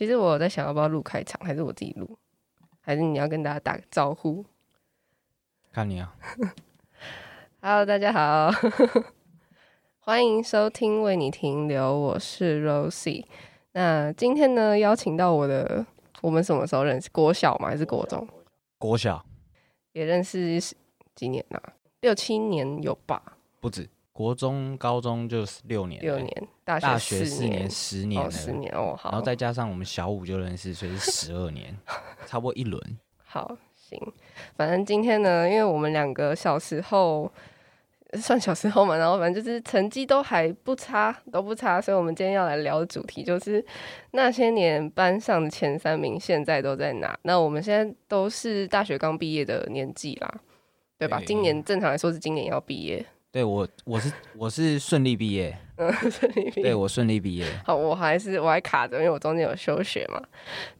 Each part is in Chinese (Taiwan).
其實我在想要不要錄開場，還是我自己錄，還是你要跟大家打個招呼？看你啊 ！Hello，大家好， 歡迎收聽《為你停留》，我是 Rosie。那今天呢，邀請到我的，我們什麼時候認識？國小嗎？還是國中？國小也認識幾年了啊？六七年有吧？不止。國中、高中就六年，六年大學四年，十年、哦，十年哦，四年，哦，好。然後再加上我們小五就認識，所以是十二年， 差不多一輪。好，行，反正今天呢，因為我們兩個小時候，算小時候嘛，然後反正就是成績都還不差，都不差，所以我們今天要來聊的主題就是那些年班上的前三名現在都在哪？那我們現在都是大學剛畢業的年紀啦，對吧對？今年正常來說是今年要畢業。對我，我是我是順利畢業，嗯，順利畢業。對我順利畢業。好，我還是我還卡着，因為我中間有休學嘛。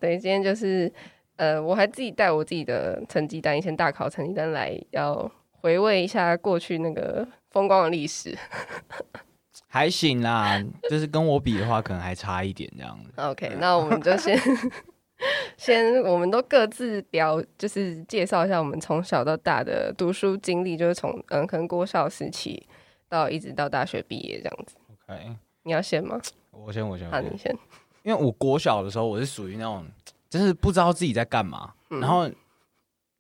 等於今天就是，呃，我還自己帶我自己的成績單，一些大考成績單來，要回味一下過去那個風光的歷史。還行啦，就是跟我比的話，可能還差一點這樣子。 OK，那我們就先。 先，我們都各自聊，就是介紹一下我們從小到大的讀書經歷，就是從嗯，可能國小時期到一直到大學畢業這樣子。OK，你要先嗎？我先，我先。啊，你先。因為我國小的時候，我是屬於那種，就是不知道自己在幹嘛，嗯，然後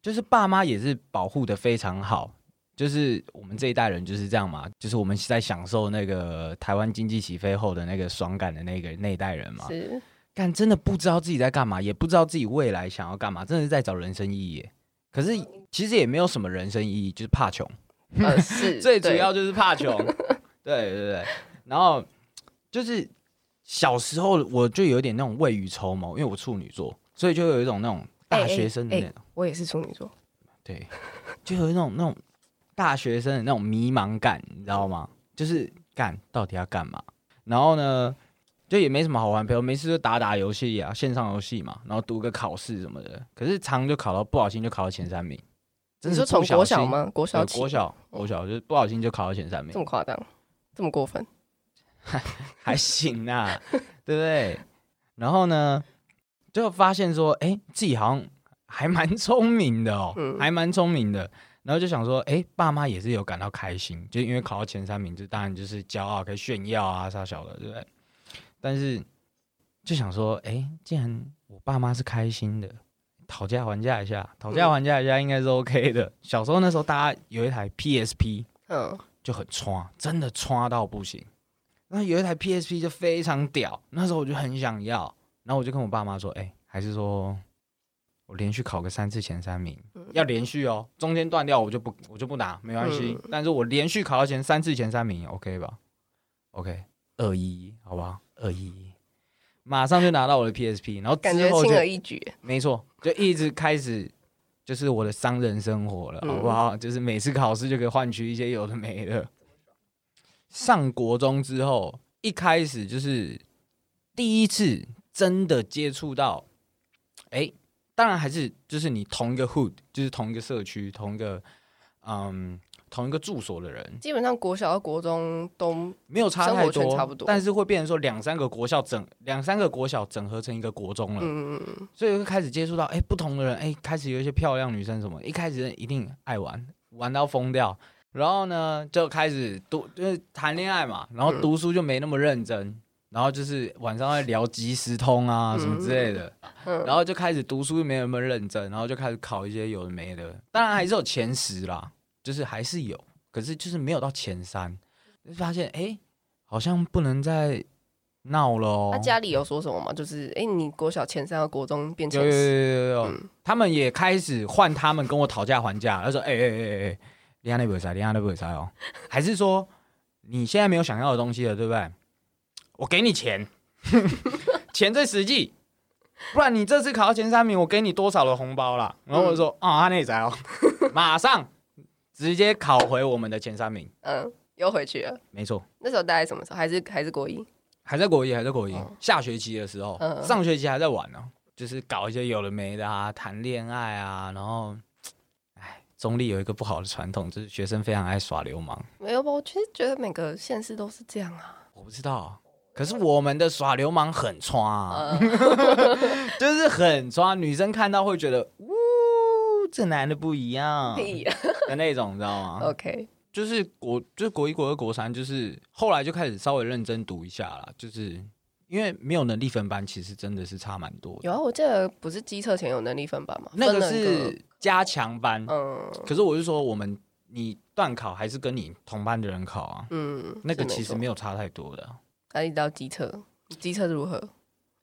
就是爸媽也是保護得非常好。就是我們這一代人就是這樣嘛，就是我們在享受那個台灣經濟起飛後的那個爽感的那個那一代人嘛。是。但真的不知道自己在幹嘛，也不知道自己未來想要幹嘛，真的是在找人生意義耶。可是其實也沒有什麼人生意義，就是怕窮。呃，是， 最主要就是怕窮 。對對對。然後就是小時候我就有點那種未雨綢繆，因為我處女座，所以就有一種那種大學生的那種。欸欸，我也是處女座。對，就有一種那種大學生的那種迷茫感，你知道嗎？就是幹，到底要幹嘛？然後呢？就也沒什麼好玩，比如沒事就打打遊戲啊，線上遊戲嘛，然後讀個考試什麼的。可是常就考到不小心就考到前三名，的、嗯、是從國小嗎？國小、國小、國小，就是不小心就考到前三名，嗯、這麼誇張，這麼過分？還還行啊，對 不對？然後呢，最後發現說，哎、欸，自己好像還蠻聰明的哦，嗯、還蠻聰明的。然後就想說，哎、欸，爸媽也是有感到開心，就因為考到前三名，就當然就是驕傲可以炫耀啊啥小的，對不對？但是就想說，哎，既然我爸媽是開心的，討價還價一下，討價還價一下應該是 OK 的。小時候那時候，大家有一台 PSP，嗯，就很歘，真的歘到不行。那有一台 PSP 就非常屌，那時候我就很想要。然後我就跟我爸媽說，哎，還是說我連續考個三次前三名，要連續哦，中間斷掉我就不我就不拿，沒關係，嗯。但是我連續考到前三次前三名，OK 吧？OK，二一，好不好？而已，馬上就拿到我的 PSP，然後之後就，感覺輕而易舉，沒錯，就一直開始就是我的商人生活了，嗯、好不好？就是每次考試就可以換取一些有的沒的、嗯。上國中之後，一開始就是第一次真的接觸到，哎、欸，當然還是就是你同一個 hood，就是同一個社區，同一個嗯。同一個住所的人，基本上國小到國中都沒有差太多，差不多，但是會變成說兩三個國小整兩三個國小整合成一個國中了，嗯嗯，所以就開始接觸到哎不同的人，哎開始有一些漂亮女生什麼，一開始一定愛玩玩到瘋掉，然後呢就開始讀就是談戀愛嘛，然後讀書就沒那麼認真，嗯、然後就是晚上會聊即時通啊什麼之類的、嗯，然後就開始讀書就沒那麼認真，然後就開始考一些有的沒的，當然還是有前十啦。就是還是有，可是就是沒有到前三，就發現哎、欸，好像不能再鬧了、喔。他家裡有說什麼嗎？就是哎、欸，你國小前三和國中變成有，有，有，有、嗯、他們也開始換他們跟我討價還價。他說哎哎哎哎，厲害那不咋，厲害那不咋哦、喔。還是說你現在沒有想要的東西了，對不對？我給你錢， 錢最實際。不然你這次考到前三名，我給你多少的紅包啦。然後我就說啊，那、嗯、咋哦、喔，馬上。 直接考回我們的前三名，嗯，又回去了，沒錯。那時候大概什麼時候？還是還是國一，還在國一，還在國一、哦。下學期的時候、嗯，上學期還在玩呢，就是搞一些有的沒的啊，談戀愛啊，然後，哎，中壢有一個不好的傳統，就是學生非常愛耍流氓。沒有吧？我其實覺得每個縣市都是這樣啊。我不知道，可是我們的耍流氓很抓、啊，嗯、 就是很抓。女生看到會覺得，嗚，這男的不一樣。的那種，你知道嗎？OK，就是國，就是國一、國二、國三，就是後來就開始稍微認真讀一下啦。就是因為沒有能力分班，其實真的是差蠻多的。有啊，我記得不是基測前有能力分班嗎？那個是加強班，嗯。可是我就說，我們你段考還是跟你同班的人考啊？嗯，那個其實沒有差太多的。那、啊、你知道基測？基測如何？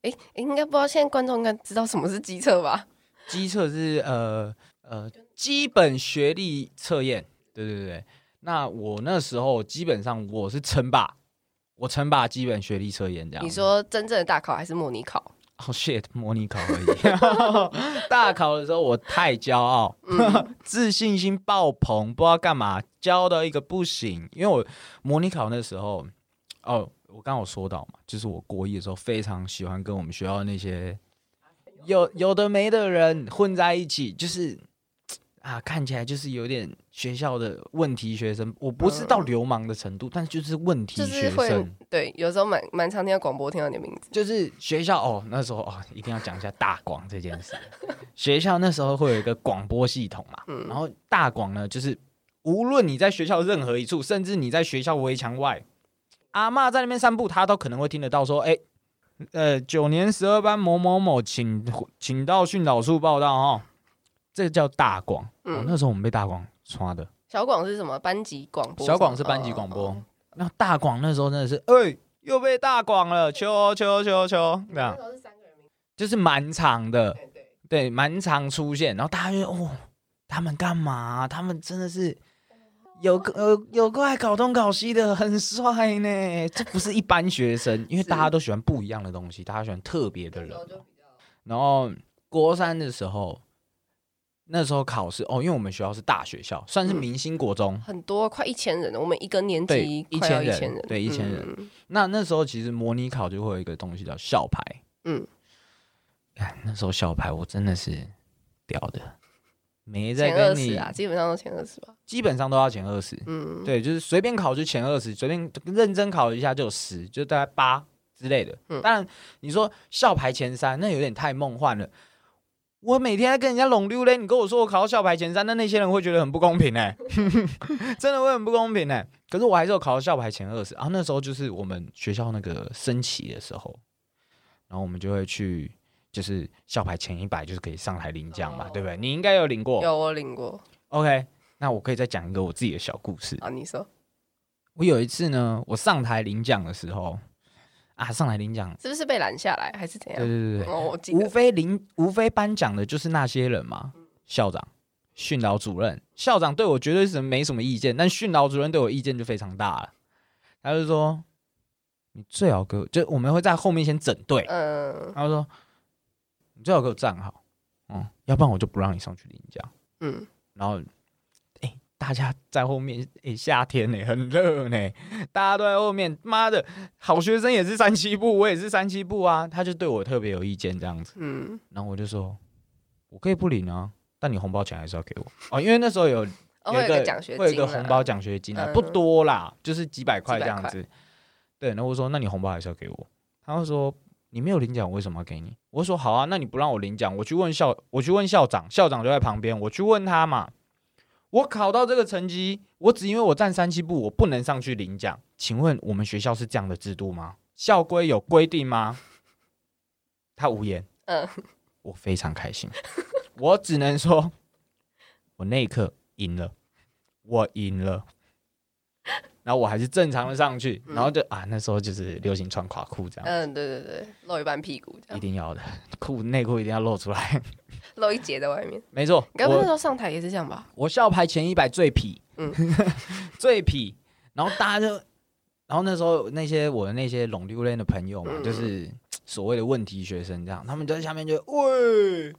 哎、欸、哎、欸，應該不知道，現在觀眾應該知道什麼是基測吧？基測是呃呃。呃基本學歷測驗，對對對，那我那時候基本上我是稱霸，我稱霸基本學歷測驗，這樣。你說真正的大考還是模擬考？哦、Oh、shit，模擬考而已。 大考的時候我太驕傲， 自信心爆棚，不知道幹嘛，驕到一個不行。因為我模擬考那時候，哦，我剛剛有說到嘛，就是我國一的時候非常喜歡跟我們學校那些有有的沒的人混在一起，就是。啊，看起來就是有點學校的問題學生。我不是到流氓的程度，嗯、但是就是問題學生。就是、對，有時候蠻蠻常聽到廣播，聽到你的名字。就是學校哦，那時候哦，一定要講一下大廣這件事。 學校那時候會有一個廣播系統嘛，嗯、然後大廣呢，就是無論你在學校任何一處，甚至你在學校圍牆外，阿媽在那邊散步，他都可能會聽得到說：“哎、欸，呃，九年十二班某，某某某，請請到訓導處報到。”哦。」這個叫大廣、嗯喔，那時候我們被大廣刷的。小廣是什麼？班級廣播。小廣是班級廣播。那、哦啊啊啊、大廣那時候真的是，哎、欸，又被大廣了，求求求求。那時候是三個人，就是蠻常的，對，對，對，蠻常出現，然後大家就，哦，他們幹嘛？他們真的是有、呃、有有愛搞東搞西的，很帥呢。 這不是一般學生，因為大家都喜歡不一樣的東西，大家喜歡特別的人，喔對對對。然後國三的時候。那時候考試哦，因為我們學校是大學校，算是明星國中，嗯、很多快一千人，了。我們一個年級快要一千人，對一千人。那、嗯嗯、那時候其實模擬考就會有一個東西叫校排，嗯，哎，那時候校排我真的是屌的，前二十啊、沒在跟前啊，基本上都前二十吧，基本上都要前二十，嗯，對，就是隨便考就前二十，隨便認真考一下就有十，就大概八之類的。嗯、當然，你說校排前三那有點太夢幻了。我每天在跟人家攏遛嘞，你跟我說我考到校排前三，那那些人會覺得很不公平哎、欸、真的會很不公平哎、欸、可是我還是有考到校排前二十。然、啊、後那時候就是我們學校那個升旗的時候，然後我們就會去，就是校排前一百，就是可以上台領獎嘛、哦，對不對？你應該有領過，有我領過。OK，那我可以再講一個我自己的小故事啊。你說，我有一次呢，我上台領獎的時候。啊！上來領獎，是不是被攔下來還是怎樣？對對對、哦、無非領無非頒獎的就是那些人嘛。嗯、校長、訓導主任，校長對我絕對是沒什麼意見，但訓導主任對我意見就非常大了。他就說：“你最好給我，就我們會在後面先整隊。”嗯，他就說：“你最好給我站好，嗯，要不然我就不讓你上去領獎。”嗯，然後。大家在後面，哎、欸，夏天呢、欸，很熱呢、欸，大家都在後面。媽的，好學生也是三七步，我也是三七步啊。他就對我特別有意見這樣子。嗯，然後我就說，我可以不領啊，但你紅包錢還是要給我哦，因為那時候有有一個、哦、個獎學金、啊，會有一個紅包獎學金啊，不多啦，嗯、就是幾百塊這樣子。對，然後我說，那你紅包還是要給我。他會說，你沒有領獎，我為什麼要給你？我說，好啊，那你不讓我領獎，我去問校，我去問校長，校長就在旁邊，我去問他嘛。我考到這個成績，我只因為我站三七步，我不能上去領獎。請問我們學校是這樣的制度嗎？校規有規定嗎？他無言。嗯，我非常開心。 我只能說，我那一刻贏了，我贏了。然後我還是正常的上去，然後就、嗯、啊，那時候就是流行穿垮褲這樣。嗯，對對對，露一半屁股這樣，一定要的，褲內褲一定要露出來。 露一截在外面，沒錯。你剛剛那時候上台也是這樣吧？我，我校排前一百最痞，嗯呵呵，最痞。然後大家就，然後那時候那些我的那些攏丟臉的朋友嘛，嗯嗯就是所謂的問題學生這樣，他們就在下面就，喂，爛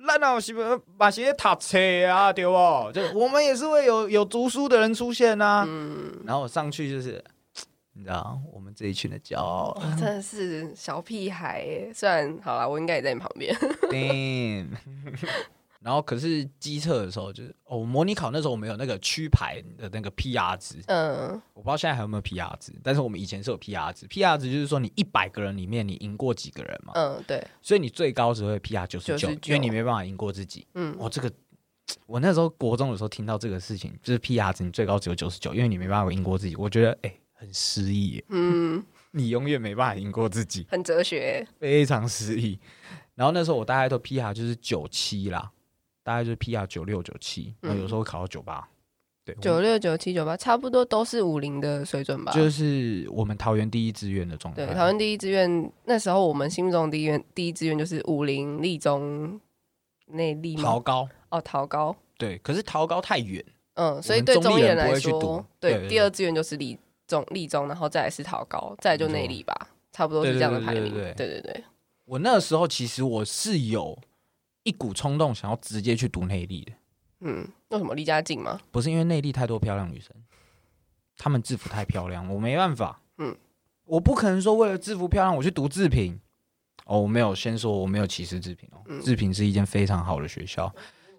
爛到西邊把鞋踏車啊，對哦。就我們也是會有有讀書的人出現吶、啊嗯。然後上去就是。你知道我們這一群的驕傲。哦，真的是小屁孩。雖然好啦，我應該也在你旁邊。Damn， 對 然後可是基測的時候，就是哦，模擬考那時候我們有那個區牌的那個 PR 值。嗯，我不知道現在還有沒有 PR 值，但是我們以前是有 PR 值。PR 值就是說你一百個人裡面你贏過幾個人嘛？嗯，對。所以你最高只會 PR 九十九，因為你沒辦法贏過自己。嗯，我、哦、這個我那時候國中的時候聽到這個事情，就是 PR 值你最高只有九十九，因為你沒辦法贏過自己。我覺得，哎、欸。很失意，嗯， 你永遠沒辦法贏過自己，很哲學，非常失意。然後那時候我大概都 P R 就是九七啦，大概就是 P R 九六九七，那有時候考到九八，對，九六九七九八差不多都是武陵的水準吧，就是我們桃園第一志願的狀態。對，桃園第一志願那時候我們心中的第一志願，第一志願就是武陵壢中那內壢桃高哦，桃高對，可是桃高太遠，嗯，所以對中壢人來說，對,對,對,對第二志願就是離。中壢中，然後再來是桃高，再來就內壢吧，差不多是這樣的排名。對對對,對,對,對,對,對，我那時候其實我是有一股衝動想要直接去讀內壢的。嗯，為什麼離家近嗎？不是因為內壢太多漂亮女生，她們制服太漂亮，我沒辦法。嗯，我不可能說為了制服漂亮我去讀治平。哦、oh,，我沒有先說我沒有歧視治平哦、喔嗯，治平是一間非常好的學校，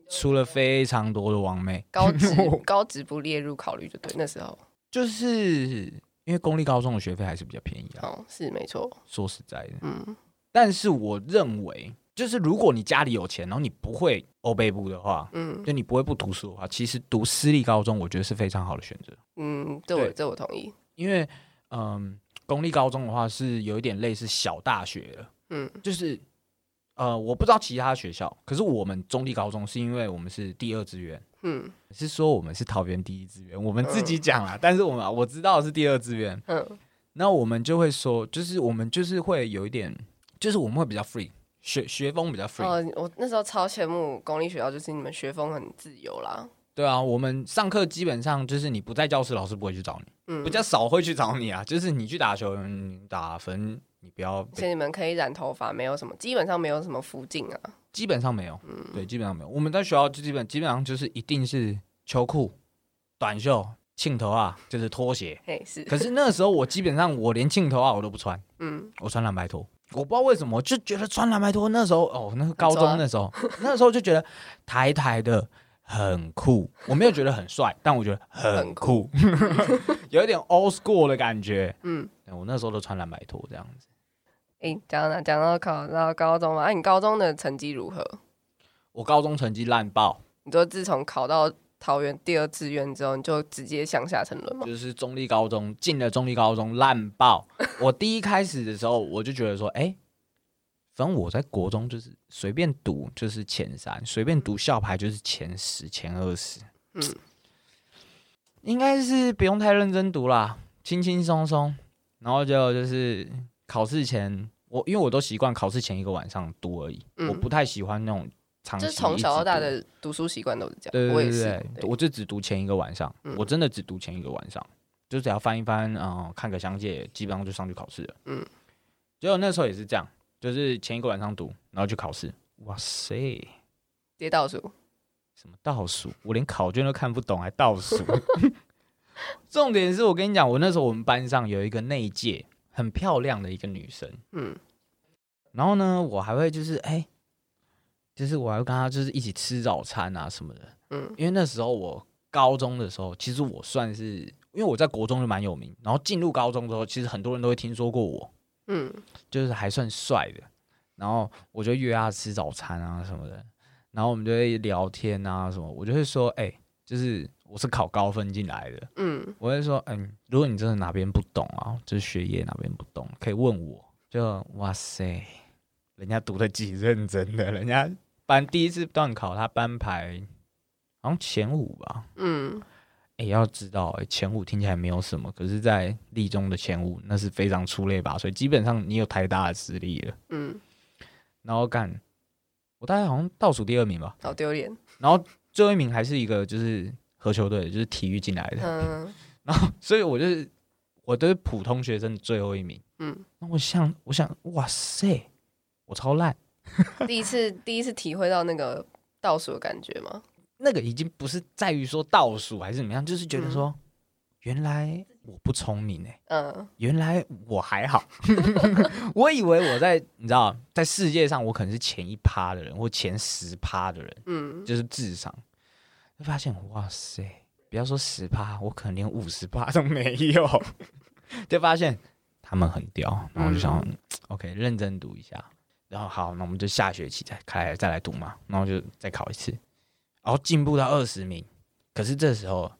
出了非常多的網美。高職 高職不列入考慮就對，那時候。就是因為公立高中的學費還是比較便宜的、啊，哦，是沒錯。說實在的，嗯，但是我認為，就是如果你家裡有錢，然後你不會歐北部的話，嗯，就你不會不讀書的話，其實讀私立高中，我覺得是非常好的選擇。嗯，這我這我同意，因為嗯、呃，公立高中的話是有一點類似小大學的，嗯，就是呃，我不知道其他學校，可是我們中壢高中是因為我們是第二志願。嗯，是說我們是桃園第一志願，我們自己講啦、嗯。但是我們我知道是第二志願。嗯，那我們就會說，就是我們就是會有一點，就是我們會比較 free，學學風比較 free。哦、我那時候超羨慕公立學校，就是你們學風很自由啦。對啊，我們上課基本上就是你不在教室，老師不會去找你，嗯、比較少會去找你啊。就是你去打球、打分。你不要，而你們可以染頭髮，沒有什麼，基本上沒有什麼服儀啊，基本上沒有，嗯、對，基本上沒有。我們在學校就基本基本上就是一定是秋褲、短袖、慶頭啊，就是拖鞋，嘿，是。可是那時候我基本上我連慶頭啊我都不穿，嗯，我穿藍白拖，我不知道為什麼我就覺得穿藍白拖那時候哦，那個高中那時候那時候就覺得台台的。很酷，我沒有覺得很帥， 但我覺得很酷， 有一點 old school 的感覺。嗯，我那時候都穿藍白拖這樣子。哎、欸，講到哪？講到考到高中嘛？哎、啊，你高中的成績如何？我高中成績爛爆。你說自從考到桃園第二志願之後，你就直接向下沉淪嗎？就是中壢高中進了中壢高中爛爆。我第一開始的時候，我就覺得說，哎、欸。反正我在國中就是隨便讀，就是前三；隨便讀校排就是前十、前二十。嗯，應該是不用太認真讀啦，輕輕松松。然後就就是考試前，我因為我都習慣考試前一個晚上讀而已。嗯。我不太喜歡那種長。就是從小到大的讀書習慣都是這樣。對對對,對，我也是，對就我就只讀前一個晚上，嗯。我真的只讀前一個晚上，就只要翻一翻啊，呃，看個詳解，基本上就上去考試了。嗯。結果那時候也是這樣。就是前一個晚上讀，然後去考試。哇塞，接倒數？什麼倒數？我連考卷都看不懂，還倒數。 重點是我跟你講，我那時候我們班上有一個內屆很漂亮的一個女生。嗯。然後呢，我還會就是哎、欸，就是我還會跟她就是一起吃早餐啊什麼的。嗯。因為那時候我高中的時候，其實我算是因為我在國中就蠻有名，然後進入高中之後，其實很多人都會聽說過我。嗯，就是還算帥的，然後我就約他吃早餐啊什麼的，然後我們就會聊天啊什麼，我就會說，哎、欸，就是我是考高分進來的，嗯，我會說，嗯、欸，如果你真的哪邊不懂啊，就是學業哪邊不懂，可以問我，就哇塞，人家讀得幾認真的，人家班第一次段考他班排好像前五吧，嗯。也要知道，前五聽起來沒有什麼，可是，在壢中的前五，那是非常出類拔萃。所以基本上你有台大的實力了。嗯。然後幹，我大概好像倒數第二名吧，好丟臉。然後最後一名還是一個就是合球隊，就是體育進來的。嗯。然後，所以我就是，我都是普通學生，最後一名。嗯。那我想，我想，哇塞，我超爛。 第一次，第一次體會到那個倒數的感覺嗎？那個已經不是在於說倒數還是怎麼樣，就是覺得說，原來我不聰明呢、欸，嗯，原來我還好， 我以為我在，你知道，在世界上我可能是前一趴的人或前十趴的人，嗯，就是智商，就發現哇塞，不要說十趴，我可能連五十趴都沒有， 就發現他們很屌，然後我就想、嗯、，OK，認真讀一下，然後好，那我們就下學期再開來再來讀嘛，然後就再考一次。然後進步到二十名，可是這時候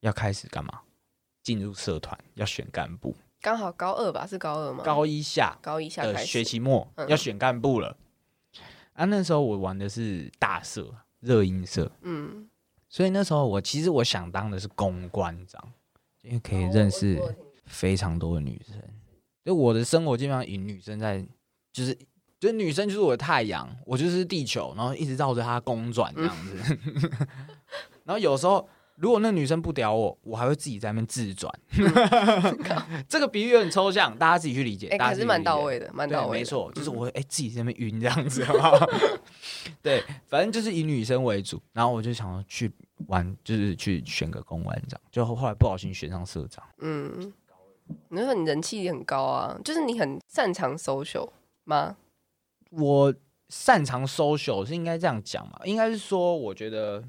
要開始幹嘛？進入社團要選幹部。剛好高二吧，是高二嗎？高一下，高一下學期末要選幹部了。啊，那時候我玩的是大社熱音社，嗯，所以那時候我其實我想當的是公關長，因為可以認識非常多的女生。就我的生活基本上以女生在就是。就是女生就是我的太陽，我就是地球，然後一直繞着她公轉這樣子。嗯、 然後有時候如果那女生不屌我，我還會自己在那邊自轉、 嗯。這個比喻很抽象，大家自己去理解。哎、欸，可是蠻到位的，蠻到位的。沒錯，就是我哎、嗯欸、自己在那邊暈這樣子有沒有。 對，反正就是以女生為主。然後我就想要去玩，就是去選個公關長這樣就後來不小心選上社長。嗯，你說你人氣很高啊，就是你很擅長 social 嗎？我擅長 social 是，應該這樣講嘛？應該是說，我覺得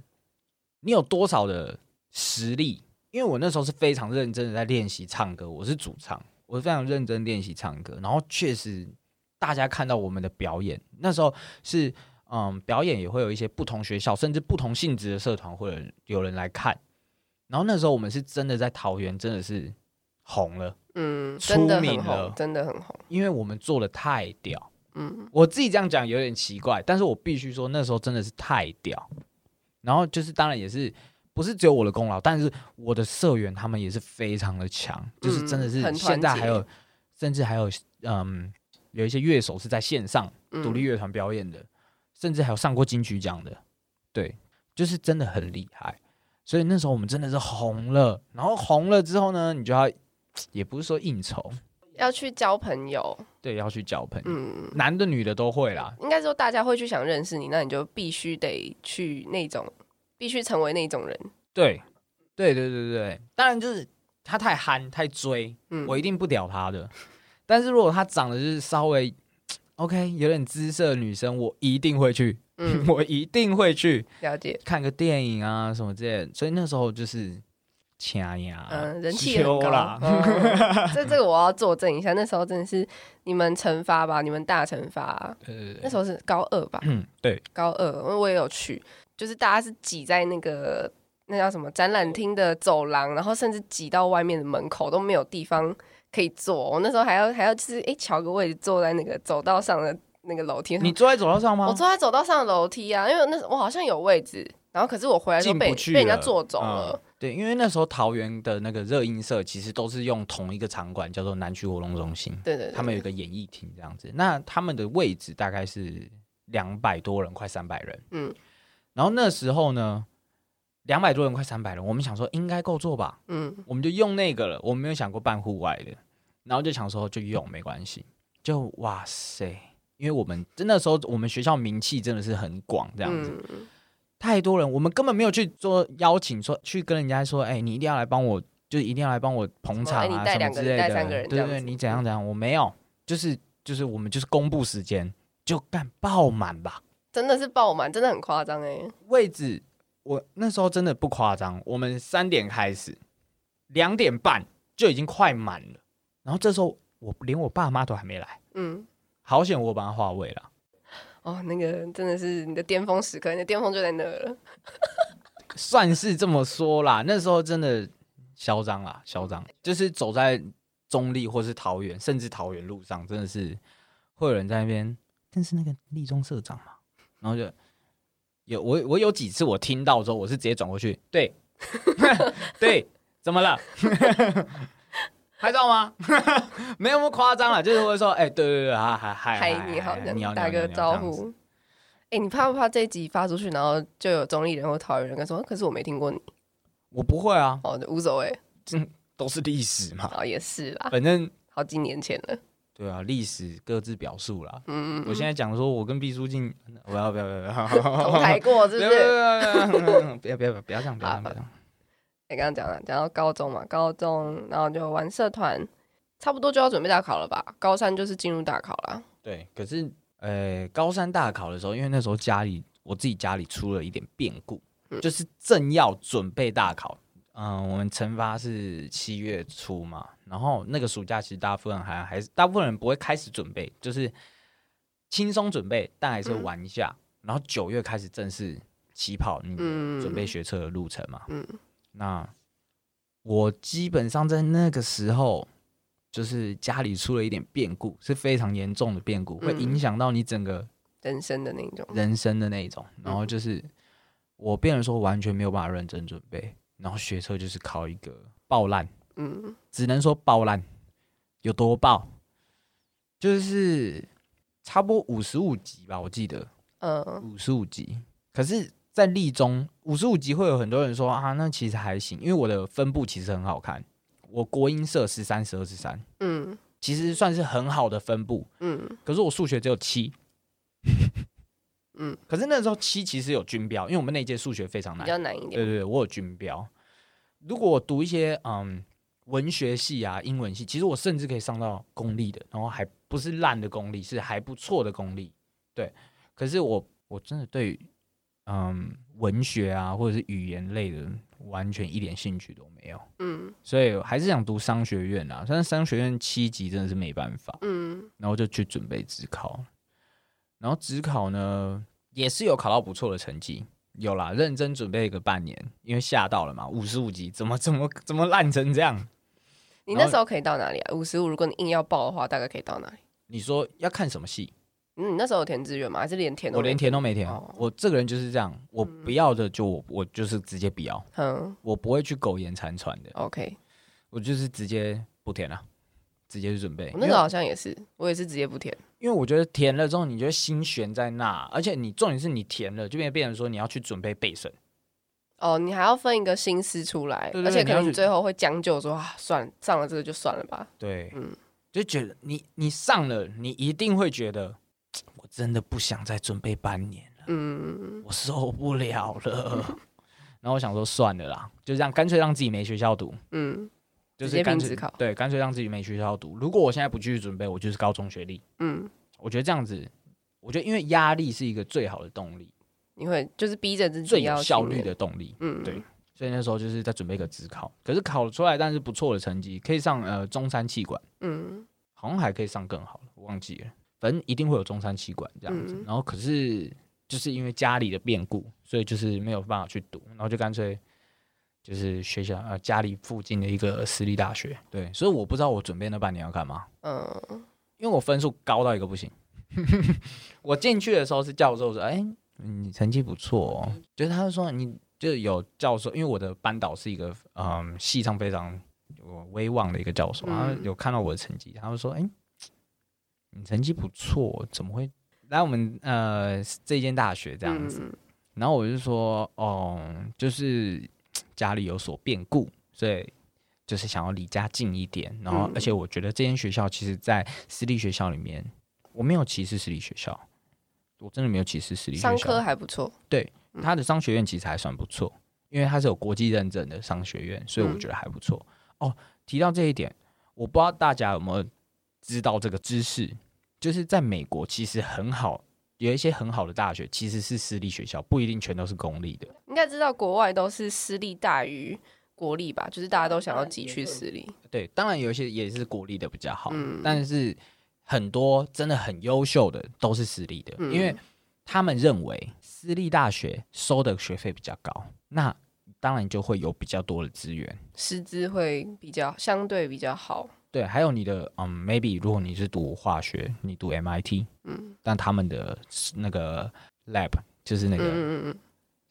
你有多少的實力？因為我那時候是非常認真的在練習唱歌，我是主唱，我是非常認真練習唱歌。然後確實，大家看到我們的表演，那時候是嗯，表演也會有一些不同學校，甚至不同性質的社團會有人來看。然後那時候我們是真的在桃園，真的是紅了，嗯，真的紅，出名了，真的很紅，因為我們做的太屌。我自己這樣講有點奇怪，但是我必須說那時候真的是太屌，然後就是當然也是不是只有我的功勞，但是我的社員他們也是非常的強，嗯，就是真的是現在還有，甚至還有嗯有一些樂手是在線上獨立樂團表演的，嗯，甚至還有上過金曲獎的。對，就是真的很厲害，所以那時候我們真的是紅了，然後紅了之後呢，你就要也不是說應酬。要去交朋友，對，要去交朋友、嗯，男的女的都會啦。應該說大家會去想認識你，那你就必須得去那種，必須成為那種人。對，對，對，對，對，當然就是他太憨太追、嗯，我一定不屌他的。 但是如果他長得就是稍微 OK，有點姿色的女生，我一定會去，嗯、 我一定會去了解，看個電影啊什麼之類的。所以那時候就是。搶呀、啊！嗯，人氣很高。這、嗯、這個我要作證一下，那時候真的是你們懲罰吧，你們大懲罰、啊、對對對，對，那時候是高二吧？嗯，對，高二，因為我也有去，就是大家是擠在那個那叫什麼展覽廳的走廊，然後甚至擠到外面的門口都沒有地方可以坐。我那時候還要還要就是哎、欸，瞧個位置坐在那個走道上的那個樓梯。你坐在走道上嗎？我坐在走道上的樓梯啊，因為那我好像有位置，然後可是我回來就被不去被人家坐走了。嗯對，因為那時候桃園的那個熱音社其實都是用同一個場館，叫做南區活動中心。對對，對，對，對他們有一個演藝廳這樣子。那他們的位置大概是兩百多人，快三百人。嗯，然後那時候呢，兩百多人快三百人，我們想說應該夠坐吧。嗯，我們就用那個了，我們沒有想過辦戶外的，然後就想說就用沒關係。就哇塞，因為我們真那時候，我們學校名氣真的是很廣，這樣子。嗯太多人，我們根本沒有去做邀請說，說去跟人家說，哎、欸，你一定要來幫我，就一定要來幫我捧場啊什麼，欸、個人，什麼之類的。對，對對，你怎樣怎樣，我沒有，就是就是我們就是公布時間就幹爆滿吧，真的是爆滿，真的很誇張哎。位置我那時候真的不誇張，我們三點開始，兩點半就已經快滿了，然後這時候我連我爸媽都還沒來，嗯，好險我把他劃位了。哦，那個真的是你的巔峰時刻，你的巔峰就在那了。 算是這麼說啦，那時候真的囂張啦，囂張，就是走在中壢或是桃園，甚至桃園路上，真的是會有人在那邊。但是那個壢中社長嘛，然後就有我，我有幾次我聽到之後，我是直接轉過去，對， 對，怎麼了？ 拍照嗎？ 沒有那麼誇張啦，就是會說，哎、欸，對對對， 嗨嗨嗨，你好，你好，打、呃、個招呼。哎、欸，你怕不怕這一集發出去，然後就有中壢人或桃園人跟說？可是我沒聽過你，我不會啊，哦無所謂，這、嗯、都是歷史嘛。哦，也是啦，反正好幾年前了。對啊，歷史各自表述啦。嗯，嗯，嗯，我現在講說，我跟畢書盡，我要不要不要不要， 同台過是不是？ 是不，是 不要不要不要，不要，不，要，不，要不要這樣，不要這樣。 欸、剛剛講了，講到高中嘛，高中然後就玩社團，差不多就要準備大考了吧？高三就是進入大考了。對，可是呃，高三大考的時候，因為那時候家裡我自己家裡出了一點變故，嗯、就是正要準備大考。嗯、呃，我們懲發是七月初嘛，然後那個暑假其實大部分還還是大部分人不會開始準備，就是輕鬆準備，但還是玩一下。嗯、然後九月開始正式起跑，你準備學車的路程嘛？嗯。嗯那我基本上在那個時候，就是家裡出了一點變故，是非常嚴重的變故，嗯、會影響到你整個人生的那種人生的那一種。嗯、然後就是我變得說完全沒有辦法認真準備，然後學測就是考一個爆爛，嗯，只能說爆爛有多爆，就是差不多五十五級吧，我記得，嗯、呃，五十五級，可是。在壢中五十五級，會有很多人說啊，那其實還行，因為我的分布其實很好看，我國英社十三十二十三，嗯，其實算是很好的分布，嗯。可是我數學只有七， 嗯。可是那時候七其實有均標，因為我們那屆數學非常難，比較難一點。對對，對，我有均標。如果我讀一些嗯文學系啊、英文系，其實我甚至可以上到公立的，然後還不是爛的公立，是還不錯的公立。對。可是我我真的對於。嗯，文學啊，或者是語言類的，完全一點興趣都沒有。嗯，所以我還是想讀商學院啊，但是商學院七級真的是沒辦法。嗯，然後就去準備指考，然後指考呢也是有考到不錯的成績，有啦，認真準備一個半年，因為嚇到了嘛，五十五級怎麼怎麼怎麼爛成這樣？你那時候可以到哪裡啊？五十五，如果你硬要報的話，大概可以到哪裡？你說要看什麼系？嗯，你那時候有填志願嗎？還是連填，都沒填？我連填都沒填。哦，我這個人就是這樣，我不要的就我，嗯，我就是直接不要。嗯，我不會去苟延殘喘的。OK，我就是直接不填了，啊，直接去準備。我、哦、那時候好像也是，我也是直接不填，因為我覺得填了之後，你覺得心懸在那，而且你重點是你填了，就變變成說你要去準備備審。哦，你還要分一個心思出來，對對對，而且可能你最後會將就說，啊，算了，上了這個就算了吧。對，嗯，就覺得你你上了，你一定會覺得。真的不想再準備半年了，嗯，我受不了了。 然後我想說算了啦，就這樣，乾脆讓自己沒學校讀，嗯，就是乾脆考，對，乾脆讓自己沒學校讀。如果我現在不繼續準備，我就是高中學歷，嗯，我覺得這樣子，我覺得因為壓力是一個最好的動力，因為就是逼着自己最有效率的動力，嗯，對。所以那時候就是在準備一個指考，可是考出來，但是不錯的成績，可以上呃中山企管，嗯，好像還可以上更好，我忘記了。反正一定會有中山企管這樣子、嗯，然後可是就是因為家裡的變故，所以就是沒有辦法去讀，然後就乾脆就是學校、呃、家裡附近的一個私立大學。對，所以我不知道我準備那半年要幹嘛。嗯，因為我分數高到一個不行。 我進去的時候是教授說：“哎，你成績不錯、哦。嗯”就是他就說你就有教授，因為我的班導是一個嗯系上非常威望的一個教授然後，有、嗯、看到我的成績，他會說：“哎。”成績不錯，怎麼會來我們呃這間大學這樣子？嗯、然後我就說，哦、嗯，就是家裡有所變故，所以就是想要離家近一點。然後，嗯、而且我覺得這間學校其實，在私立學校裡面，我沒有歧視私立學校，我真的沒有歧視私立學校。商科還不錯，對，它的商學院其實還算不錯、嗯，因為它是有國際認證的商學院，所以我覺得還不錯、嗯。哦，提到這一點，我不知道大家有沒有知道這個知識。就是在美國，其實很好，有一些很好的大學其實是私立學校，不一定全都是公立的。應該知道國外都是私立大於國立吧？就是大家都想要擠去私立。對，當然有一些也是國立的比較好，嗯、但是很多真的很優秀的都是私立的、嗯，因為他們認為私立大學收的學費比較高，那當然就會有比較多的資源，師資會比較相對比較好。對，還有你的嗯，maybe，如果你是讀化學，你讀 MIT，嗯，但他們的那個 lab 就是那個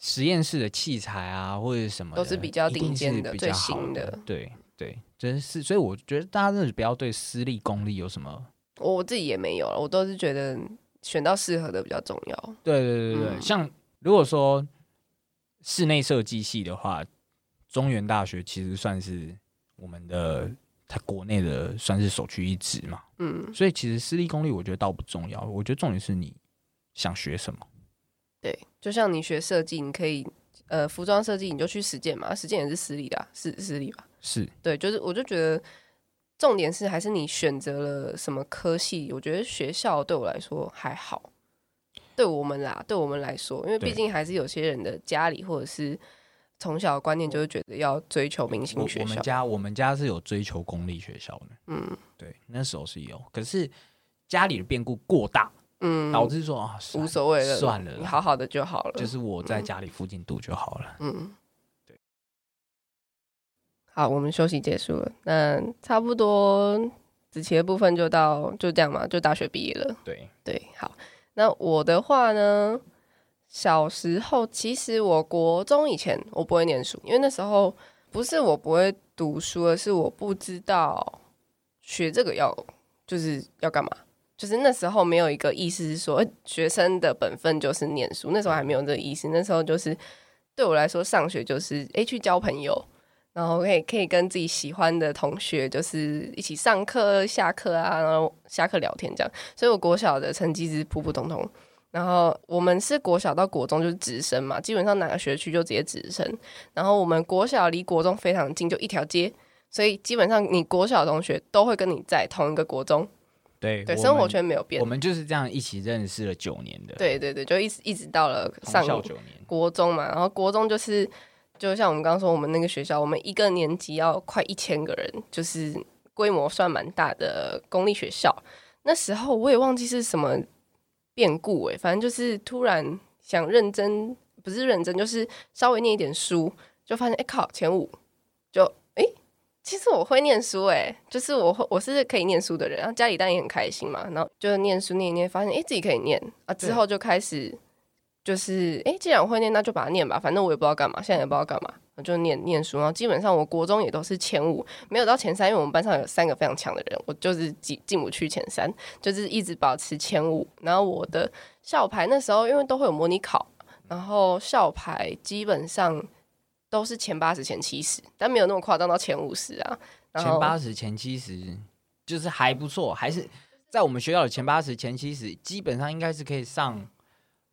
實驗室的器材啊，或者是什麼都是比較頂尖的，的，最新的。對對，真、就是。所以我覺得大家真的是不要對私立、公立有什麼。我我自己也沒有了，我都是覺得選到適合的比較重要。對對對對，對、嗯，像如果說室內設計系的話，中原大學其實算是我們的。它國內的算是首屈一指嘛，嗯，所以其實私立公立我覺得倒不重要，我覺得重點是你想學什麼？對，就像你學設計，你可以呃服裝設計，你就去實踐嘛，實踐也是私立的，是私立吧？是對，就是我就覺得重點是還是你選擇了什麼科系，我覺得學校對我來說還好，對我們啦，對我們來說，因為畢竟還是有些人的家裡或者是。從小的觀念就是覺得要追求明星學校。我，我們家我們家是有追求公立學校的，嗯，對，那時候是有，可是家裡的變故過大，嗯，導致說啊，無所謂了，算了，你好好的就好了，就是我在家裡附近讀就好了，嗯，對。好，我們休息結束了，那差不多子琪的部分就到就這樣嘛，就大學畢業了，對對，好，那我的話呢？小時候，其實我國中以前我不會念書，因為那時候不是我不會讀書，而是我不知道學這個要就是要幹嘛。就是那時候沒有一個意思是說學生的本分就是念書，那時候還沒有這個意思。那時候就是對我來說，上學就是誒、欸、去交朋友，然後可以可以跟自己喜歡的同學就是一起上課、下課啊，然後下課聊天這樣。所以我國小的成績是普普通通。然後我們是國小到國中就是直升嘛，基本上哪個學區就直接直升。然後我們國小離國中非常近，就一條街，所以基本上你國小的同學都會跟你在同一個國中。對對，生活圈沒有變。我們就是這樣一起認識了九年的。對對對，就一直一直到了上九年國中嘛。然後國中就是就像我們剛剛說，我們那個學校，我們一個年級要快一千個人，就是規模算蠻大的公立學校。那時候我也忘記是什麼。變故哎、欸，反正就是突然想認真，不是認真，就是稍微念一點書，就發現哎、欸、靠，前五，就哎、欸，其實我會念書哎、欸，就是我會，我是可以念書的人，然後家裡當然也很開心嘛，然後就是念書念一念，發現哎、欸，自己可以念啊，之後就開始就是哎、欸，既然我會念，那就把它念吧，反正我也不知道幹嘛，現在也不知道幹嘛。我就念念書，然後基本上我國中也都是前五，沒有到前三，因為我們班上有三個非常強的人，我就是進進不去前三，就是一直保持前五。然後我的校排那時候因為都會有模擬考，然後校排基本上都是前八十、前七十，但沒有那麼誇張到前五十啊。前八十、前七十就是還不錯，還是在我們學校的前八十、前七十，基本上應該是可以上。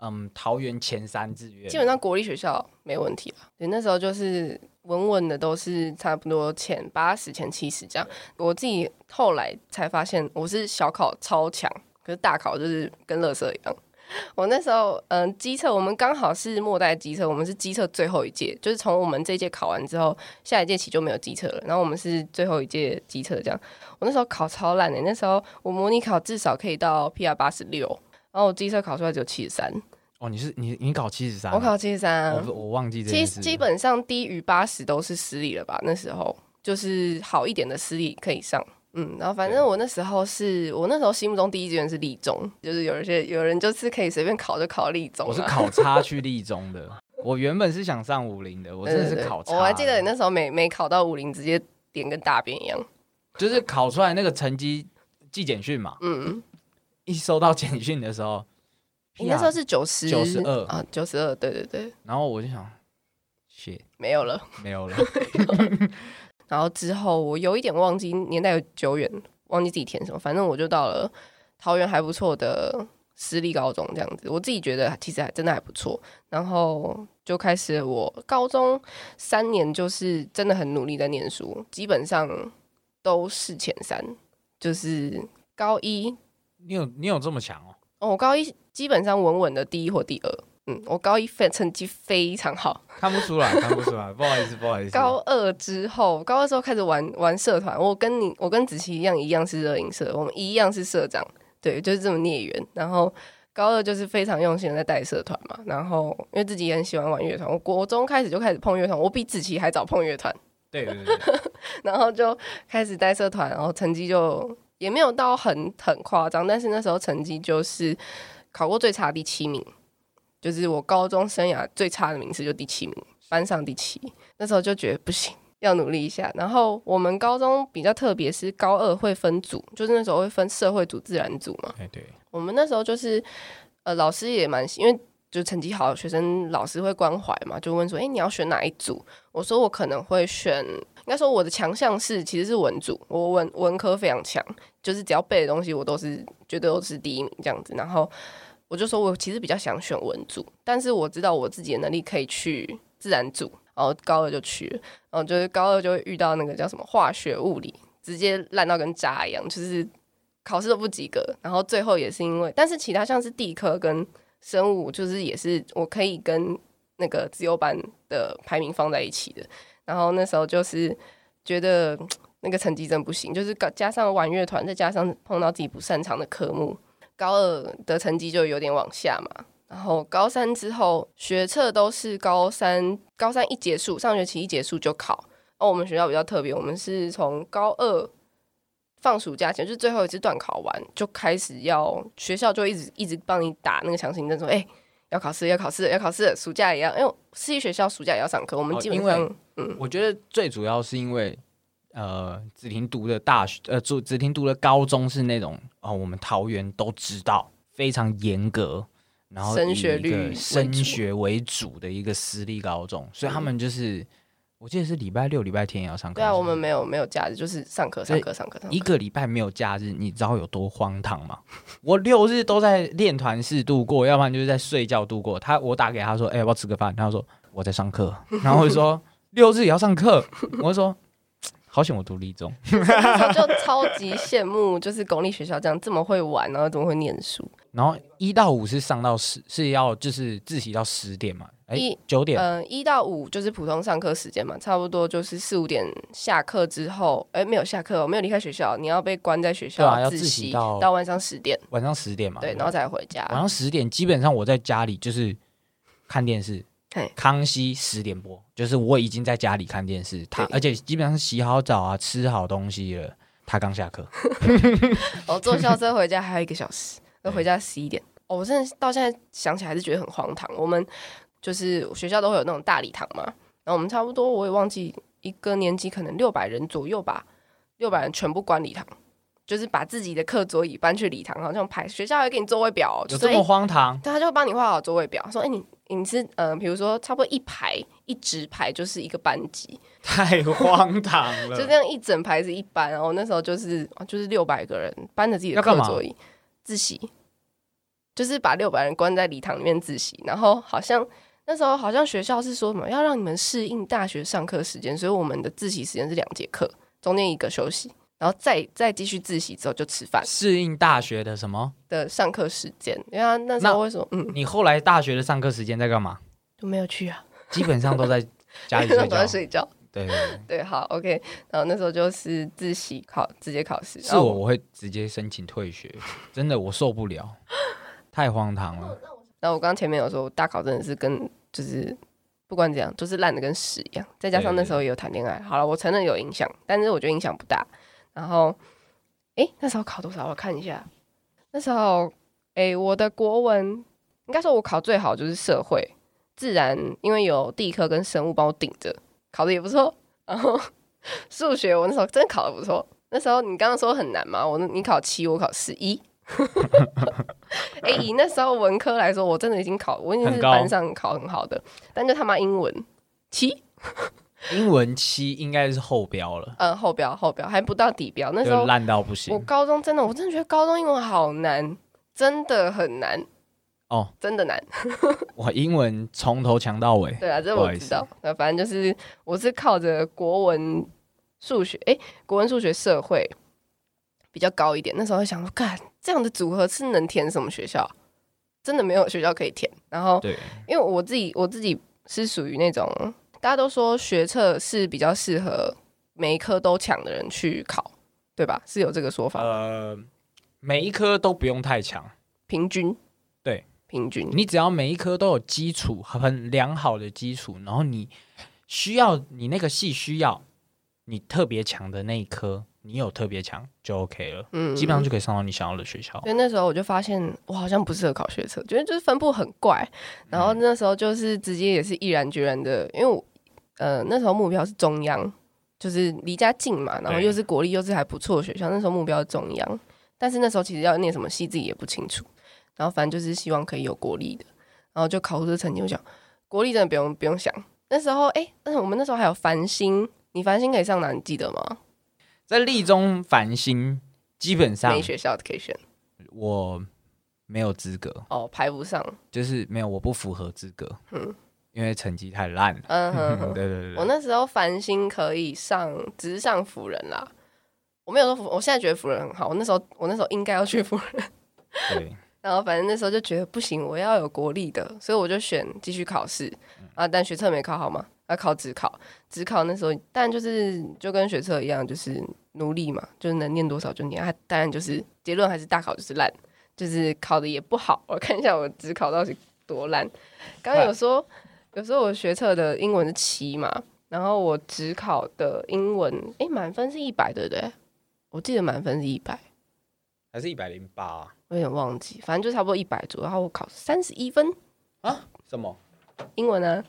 嗯，桃園前三志願，基本上國立學校沒問題吧？對，那時候就是穩穩的，都是差不多前八十、前七十這樣。我自己後來才發現，我是小考超強，可是大考就是跟樂色一樣。我那時候，嗯，基測我們剛好是末代基測，我們是基測最後一屆，就是從我們這屆考完之後，下一屆起就沒有基測了。然後我們是最後一屆基測這樣。我那時候考超爛的、欸，那時候我模擬考至少可以到 PR 八十六。然後我基測考出來只有七十三，哦，你是你你考七十三，我考七十三，我我忘記這了。基基本上低於八十都是私立了吧？那時候就是好一點的私立可以上，嗯。然後反正我那時候是我那時候心目中第一志願是壢中，就是有一些有人就是可以隨便考就考壢中、啊。我是考差去壢中的， 我原本是想上武陵的，我真的是考差。我還記得你那時候沒沒考到武陵直接點個大便一樣，就是考出來那個成績寄簡訊嘛， 嗯。一收到簡訊的時候，你、欸、那時候是九十、九十二啊，九十二，對對對。然後我就想 s 沒有了，沒有了。 然後之後我有一點忘記，年代有久遠，忘記自己填什麼。反正我就到了桃園還不錯的私立高中，這樣子，我自己覺得其實還真的還不錯。然後就開始我高中三年，就是真的很努力在念書，基本上都是前三，就是高一。你有你有這麼強哦！我高一基本上穩穩的第一或第二。嗯，我高一分成績非常好，看不出來，看不出來， 不好意思，不好意思。高二之後，高二之後開始玩玩社團。我跟你，我跟子琪一樣，一樣是熱音社，我們一樣是社長。對，就是這麼孽緣。然後高二就是非常用心的在帶社團嘛。然後因為自己也很喜歡玩樂團，我國中開始就開始碰樂團，我比子琪還早碰樂團。對對對，對。 然後就開始帶社團，然後成績就。也沒有到很很誇張，但是那時候成績就是考過最差的第七名，就是我高中生涯最差的名次就第七名，班上第七。那時候就覺得不行，要努力一下。然後我們高中比較特別，是高二會分組，就是那時候會分社會組、自然組嘛。欸，對，我們那時候就是呃，老師也蠻因為就成績好的學生，老師會關懷嘛，就問說：“欸，你要選哪一組？”我說：“我可能會選，應該說我的強項是其實是文組，我文文科非常強。”就是只要背的東西，我都是絕對都是第一名這樣子。然後我就說，我其實比較想選文組，但是我知道我自己的能力可以去自然組。然後高二就去了，然後就是高二就會遇到那個叫什麼化學物理，直接爛到跟渣一樣，就是考試都不及格。然後最後也是因為，但是其他像是地科跟生物，就是也是我可以跟那個資優班的排名放在一起的。然後那時候就是覺得。那個成績真不行，就是加上玩樂團，再加上碰到自己不擅長的科目，高二的成績就有點往下嘛。然後高三之後學測都是高三，高三一結束，上學期一結束就考。哦，我們學校比較特別，我們是從高二放暑假前，就是最後一次段考完就開始要學校就一直一直幫你打那個強行針，說、欸、哎要考試要考試要考試，暑假也要，因、欸、為私立學校暑假也要上課。我們基本上、哦，嗯，我覺得最主要是因為。呃，子婷讀的大學，呃，子婷讀的高中是那種哦，我們桃園都知道，非常嚴格，然後升學率升學為主的一個私立高中，所以他們就是、嗯，我記得是禮拜六、禮拜天也要上課。對啊，我們沒有沒有假日，就是上課、上課、上課、上課，一個禮拜沒有假日，你知道有多荒唐嗎？我六日都在練團室度過，要不然就是在睡覺度過。他我打給他說，哎、欸，我要吃個飯，他說我在上課，然後我就說 六日也要上課，我就說。 好想我讀立中 就超級羨慕，就是公立學校這樣這麼會玩，然後怎麼會念書？然後一到五是上到十是要就是自習到十點嘛？誒一九點？嗯、呃，一到五就是普通上課時間嘛，差不多就是四五點下課之後，哎，沒有下課，我沒有離開學校，你要被關在學校，對啊，要自習到到晚上十點，晚上十點嘛，對，對，然後再回家。晚上十點，基本上我在家裡就是看電視。 康熙十點播，就是我已經在家裡看電視，他而且基本上是洗好澡啊，吃好東西了，他剛下課。我、 哦、坐校車回家還有一個小時，那回家十一點。哦、我現在到現在想起來還是覺得很荒唐。我們就是學校都會有那種大禮堂嘛，然後我們差不多我也忘記，一個年級可能六百人左右吧，六百人全部關禮堂。就是把自己的課桌椅搬去禮堂，好像排學校還給你座位表。哦，就這麼荒唐？就是欸，對，他就幫你畫好座位表，說：“哎，欸，你，你是呃，比如說差不多一排一直排就是一個班級。”太荒唐了， 就這樣一整排是一班。然後那時候就是就是六百個人搬着自己的課桌椅自習，就是把六百人關在禮堂裡面自習。然後好像那時候好像學校是說什麼要讓你們適應大學上課時間，所以我們的自習時間是兩節課，中間一個休息。然後再再繼續自習，之後就吃飯，適應大學的什麼的上課時間？因為那時候那我為什麼？嗯，你後來大學的上課時間在幹嘛？都沒有去啊，基本上都在家裡睡覺。在睡覺。對對好，OK。然後那時候就是自習考直接考試，我是我，我會直接申請退學，真的我受不了， 太荒唐了。那我剛前面有說我大考真的是跟就是不管怎樣都、就是爛的跟屎一樣，再加上那時候也有談戀愛。對對好了，我承認有影響，但是我覺得影響不大。然後，哎，那時候考多少？我看一下。那時候，哎，我的國文應該說我考最好就是社會、自然，因為有地科跟生物幫我頂着，考的也不錯。然後數學我那時候真的考的不錯。那時候你剛剛說很難嘛？我你考七，我考十一。哎， 以那時候文科來說，我真的已經考，我已經是班上考很好的。但就他媽英文七。 英文七應該是後標了，嗯，後標後標還不到底標，那時候爛到不行。我高中真的，我真的覺得高中英文好難，真的很難。哦，真的難。 我英文從頭強到尾。對啊，這我知道。那反正就是，我是靠着國文、數學，哎、欸，國文、數學、社會比較高一點。那時候想說，看這樣的組合是能填什麼學校？真的沒有學校可以填。然後，對，因為我自己，我自己是屬於那種。大家都說學測是比較適合每一科都強的人去考，對吧？是有這個說法。呃，每一科都不用太強，平均，對，平均。你只要每一科都有基礎，很良好的基礎，然後你需要你那個系需要你特別強的那一科，你有特別強就 OK 了。嗯，基本上就可以上到你想要的學校。所以那時候我就發現我好像不適合考學測，覺得就是分布很怪。然後那時候就是直接也是毅然決然的，因為我。呃，那時候目標是中央，就是離家近嘛，然後又是國立，又是還不錯的學校。那時候目標是中央，但是那時候其實要念什麼系自己也不清楚。然後反正就是希望可以有國立的，然後就考出成績，我講國立真的不用不用想。那時候哎，但、欸、是我們那時候還有繁星，你繁星可以上哪？你記得嗎？在立中繁星基本上沒學校的可以選，我沒有資格哦，排不上，就是沒有，我不符合資格。嗯。因為成績太爛了，嗯哼、哼， 對對對、對，我那時候繁星可以上，只是上輔仁啦。我沒有說輔，我現在覺得輔仁很好。我那時候，我那時候應該要去輔仁， 對。然後反正那時候就覺得不行，我要有國力的，所以我就選繼續考試、嗯、啊。但學測沒考好嘛，要、啊、考指考，指考那時候，但就是就跟學測一樣，就是努力嘛，就是能念多少就念。但當然就是、嗯、結論還是大考就是爛，就是考得也不好。我看一下我指考到底多爛，剛剛有說。 有時候我學測的英文是七嘛，然後我指考的英文，哎、欸，滿分是一百對不對？我記得滿分是一百，還是一百零八？我有點忘記，反正就差不多一百左右。然後我考三十一分啊？什麼？英文呢、啊？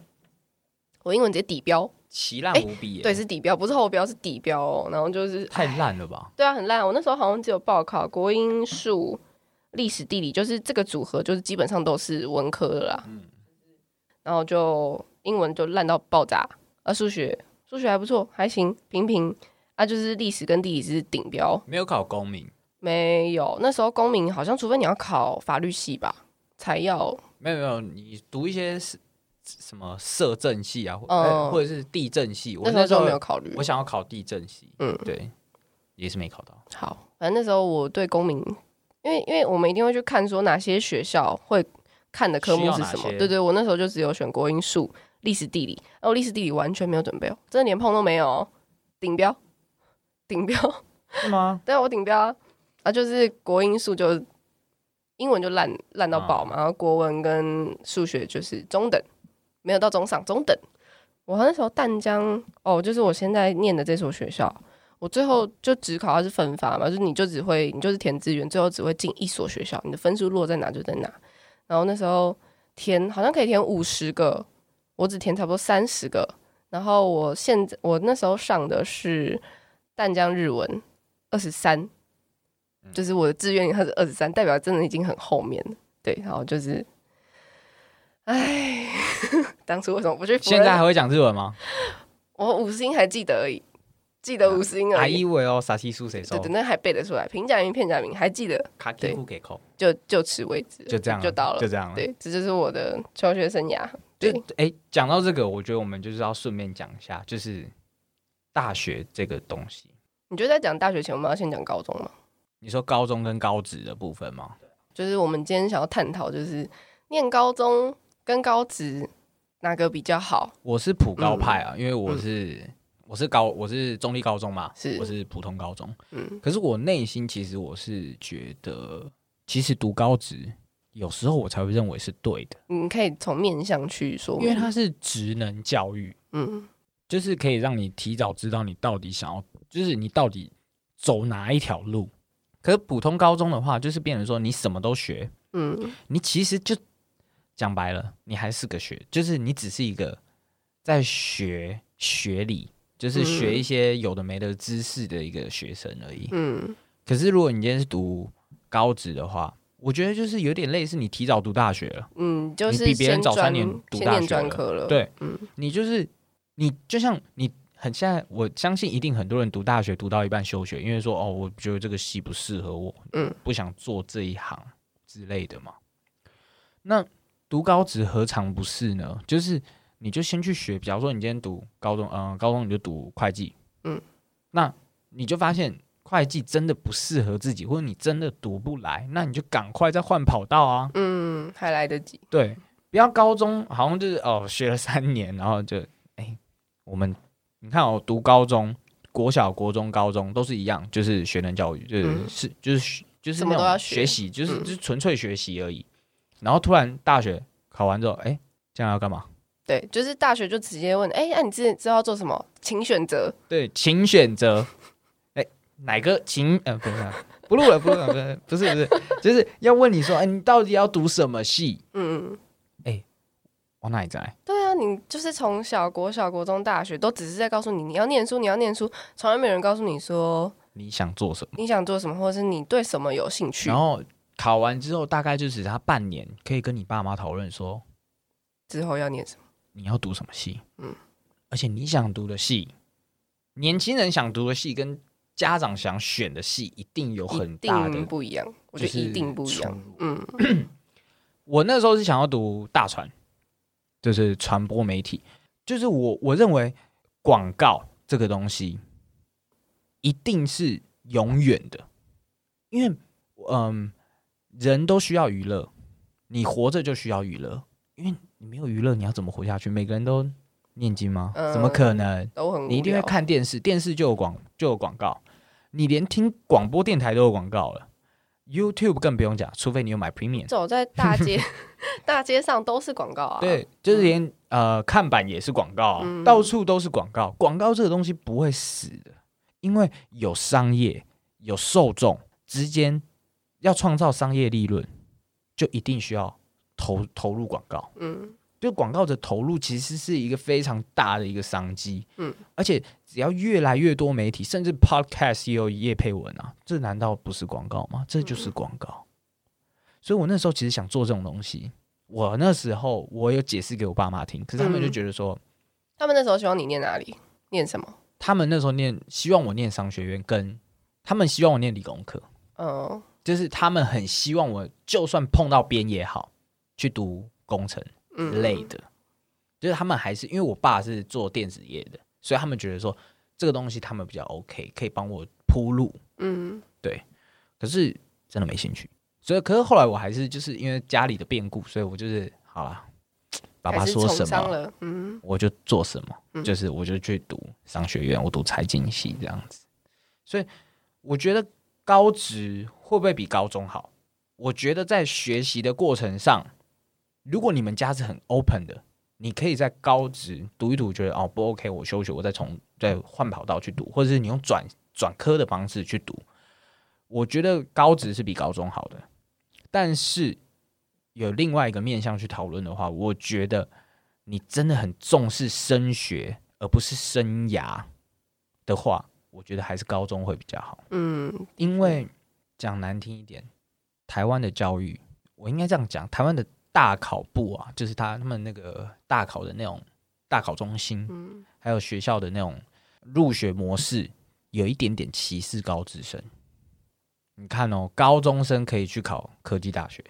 我英文直接底標，奇爛無比、欸欸。對，是底標，不是後標，是底標。哦。然後就是太爛了吧？對啊，很爛。我那時候好像只有報考國英數、歷史、地理，就是這個組合，就是基本上都是文科的啦。嗯然後就英文就爛到爆炸，呃、啊，數學數學還不錯，還行平平啊，就是歷史跟地理是頂標。沒有考公民？沒有，那時候公民好像除非你要考法律系吧，才要。沒有沒有，你讀一些什麼社政系啊、嗯，或者是地震系，我那時候沒有考慮，我想要考地震系，嗯，對，也是沒考到。好，反正那時候我對公民，因為因為我們一定會去看說哪些學校會。看的科目是什麼？對對，我那時候就只有選國英數、歷史地理。然後、啊、歷史地理完全沒有準備哦，真的連碰都沒有。頂標？頂標是嗎？對我頂標啊，就是國英數就英文就爛爛到爆嘛、哦，然後國文跟數學就是中等，沒有到中上，中等。我那時候淡江哦，就是我現在念的這所學校，我最後就只考它是分發嘛，哦、就是、你就只會你就是填志願，最後只會進一所學校，你的分數落在哪就在哪。然後那時候填好像可以填五十個，我只填差不多三十個。然後我現在我那時候上的是淡江日文二十三，就是我的志願它是二十三，代表真的已經很後面了。對，然後就是，哎，當初為什麼不去？現在還會講日文嗎？我五十音還記得而已。記得五十英而、啊、還以為哦，啥西書誰說的？那還背得出來，平假名片假名還記得？卡就就此為止，就這樣就到了，就這樣。對，這就是我的求學生涯。對，哎，講、欸、到這個，我覺得我們就是要順便講一下，就是大學這個東西。你覺得在講大學前，我們要先講高中嗎？你說高中跟高職的部分嗎？對，就是我們今天想要探討，就是念高中跟高職哪個比較好？我是普高派啊，嗯、因為我是、嗯。我是高，我是中壢高中嘛，是，我是普通高中。嗯，可是我內心其實我是覺得，其實讀高職有時候我才會認為是對的。你可以從面向去說，因為它是職能教育，嗯，就是可以讓你提早知道你到底想要，就是你到底走哪一條路。可是普通高中的話，就是變成說你什麼都學，嗯，你其實就講白了，你還是個學，就是你只是一個在學學理。就是學一些有的沒的知識的一個學生而已。嗯，可是如果你今天是讀高職的話，我覺得就是有點類似你提早讀大學了。嗯，就是你比別人早三年讀大學了。了對，嗯，你就是你就像你很現在，我相信一定很多人讀大學讀到一半休學，因為說哦，我覺得這個系不適合我，嗯，不想做這一行之類的嘛。那讀高職何嘗不是呢？就是。你就先去學，比方說你今天讀高中，嗯、呃，高中你就讀會計，嗯，那你就發現會計真的不適合自己，或者你真的讀不來，那你就趕快再換跑道啊，嗯，還來得及。對，不要高中，好像就是哦，學了三年，然後就哎、欸，我們你看我、哦、讀高中，國小、國中、高中都是一樣，就是學人教育，就是、嗯、是就是就是那種都要學習，就是就是純粹學習而已、嗯。然後突然大學考完之後，哎、欸，這樣要幹嘛？對，就是大學就直接問，哎、欸，那、啊、你自己知道做什麼？請選擇。對，請選擇。哎、欸，哪個請？請呃，不是，不錄了，不錄了， 不是，不是，就是要問你說，哎、欸，你到底要讀什麼系？嗯嗯。哎、欸，往哪裡走？對啊，你就是從小國小、小國中、大學，都只是在告訴你你要念書，你要念書，從來沒有人告訴你說你想做什麼，你想做什麼，或者是你對什麼有興趣。然後考完之後，大概就只差半年可以跟你爸媽討論說之後要念什麼。你要讀什麼系？嗯，而且你想讀的系，年輕人想讀的系，跟家長想選的系，一定有很大的不一樣。我覺得一定不一樣。就是嗯、我那時候是想要讀大傳，就是傳播媒體。就是我我認為廣告這個東西一定是永遠的，因為嗯，人都需要娛樂，你活着就需要娛樂，因為。你沒有娛樂，你要怎麼活下去？每個人都念經嗎？嗯、怎麼可能？你一定會看電視，電視就有廣就有廣告，你連聽廣播電臺都有廣告了。YouTube 更不用講，除非你有買 Premium。走在大街， 大街上都是廣告啊！對，就是連、嗯、呃看板也是廣告啊，嗯，到處都是廣告。廣告這個東西不會死的，因為有商業，有受眾之間要創造商業利潤，就一定需要。投投入廣告，嗯，就廣告的投入其實是一個非常大的一個商機，嗯，而且只要越來越多媒體，甚至 Podcast 也有業配文啊，這難道不是廣告嗎？這就是廣告、嗯。所以我那時候其實想做這種東西，我那時候我有解釋給我爸媽聽，可是他們就覺得說、嗯，他們那時候希望你念哪裡，念什麼？他們那時候念希望我念商學院，跟他們希望我念理工科，嗯、哦，就是他們很希望我，就算碰到邊也好。去讀工程類的，嗯嗯，就是他們還是因為我爸是做電子業的，所以他們覺得說這個東西他們比較 OK，可以幫我鋪路。嗯，對。可是真的沒興趣，所以，可是後來我還是就是因為家裡的變故，所以我就是好啦，爸爸說什麼嗯嗯，我就做什麼，就是我就去讀商學院，我讀財經系這樣子。所以我覺得高職會不會比高中好？我覺得在學習的過程上。如果你們家是很 open 的，你可以在高職讀一讀，覺得哦不 OK，我休學，我再從再換跑道去讀，或者是你用轉轉科的方式去讀。我覺得高職是比高中好的，但是有另外一個面向去討論的話，我覺得你真的很重視升學而不是生涯的話，我覺得還是高中會比較好。嗯，因為講難聽一點，台灣的教育，我應該這樣講，台灣的。大考部啊，就是他他們那個大考的那種大考中心，嗯，還有學校的那種入學模式，有一點點歧視高職生。你看哦，高中生可以去考科技大學，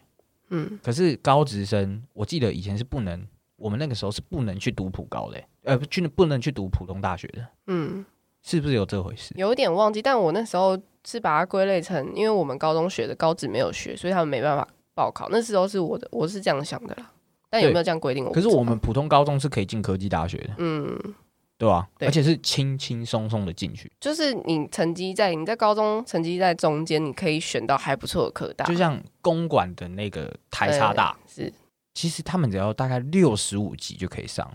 嗯，可是高職生，我記得以前是不能，我們那個時候是不能去讀普高的，呃不，不能去讀普通大學的，嗯，是不是有這回事？有一點忘記，但我那時候是把它歸類成，因為我們高中學的高職沒有學，所以他們沒辦法。報考那時候是我的，我是這樣想的啦。但有沒有這樣規定我？可是我們普通高中是可以進科技大學的。嗯，對吧、啊？而且是輕輕鬆鬆的進去。就是你成績在，你在高中，成績在中間，你可以選到還不錯的科大。就像公館的那個台科大，對對對，是。其實他們只要大概六十五級就可以上，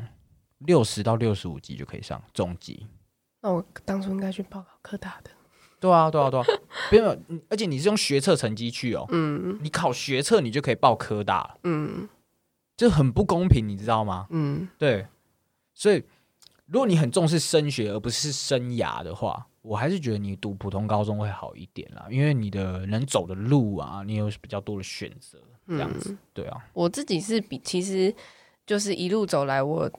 六十到六十五級就可以上中級。那我當初應該去報考科大的。對啊，對啊，對啊。對啊 而且你是用學測成績去哦，嗯、你考學測，你就可以報科大了，嗯，就很不公平，你知道嗎？嗯，對，所以如果你很重視升學而不是生涯的話，我還是覺得你讀普通高中會好一點啦，因為你的能走的路啊，你有比較多的選擇，嗯，這樣子，對啊，我自己是比，其實就是一路走來我。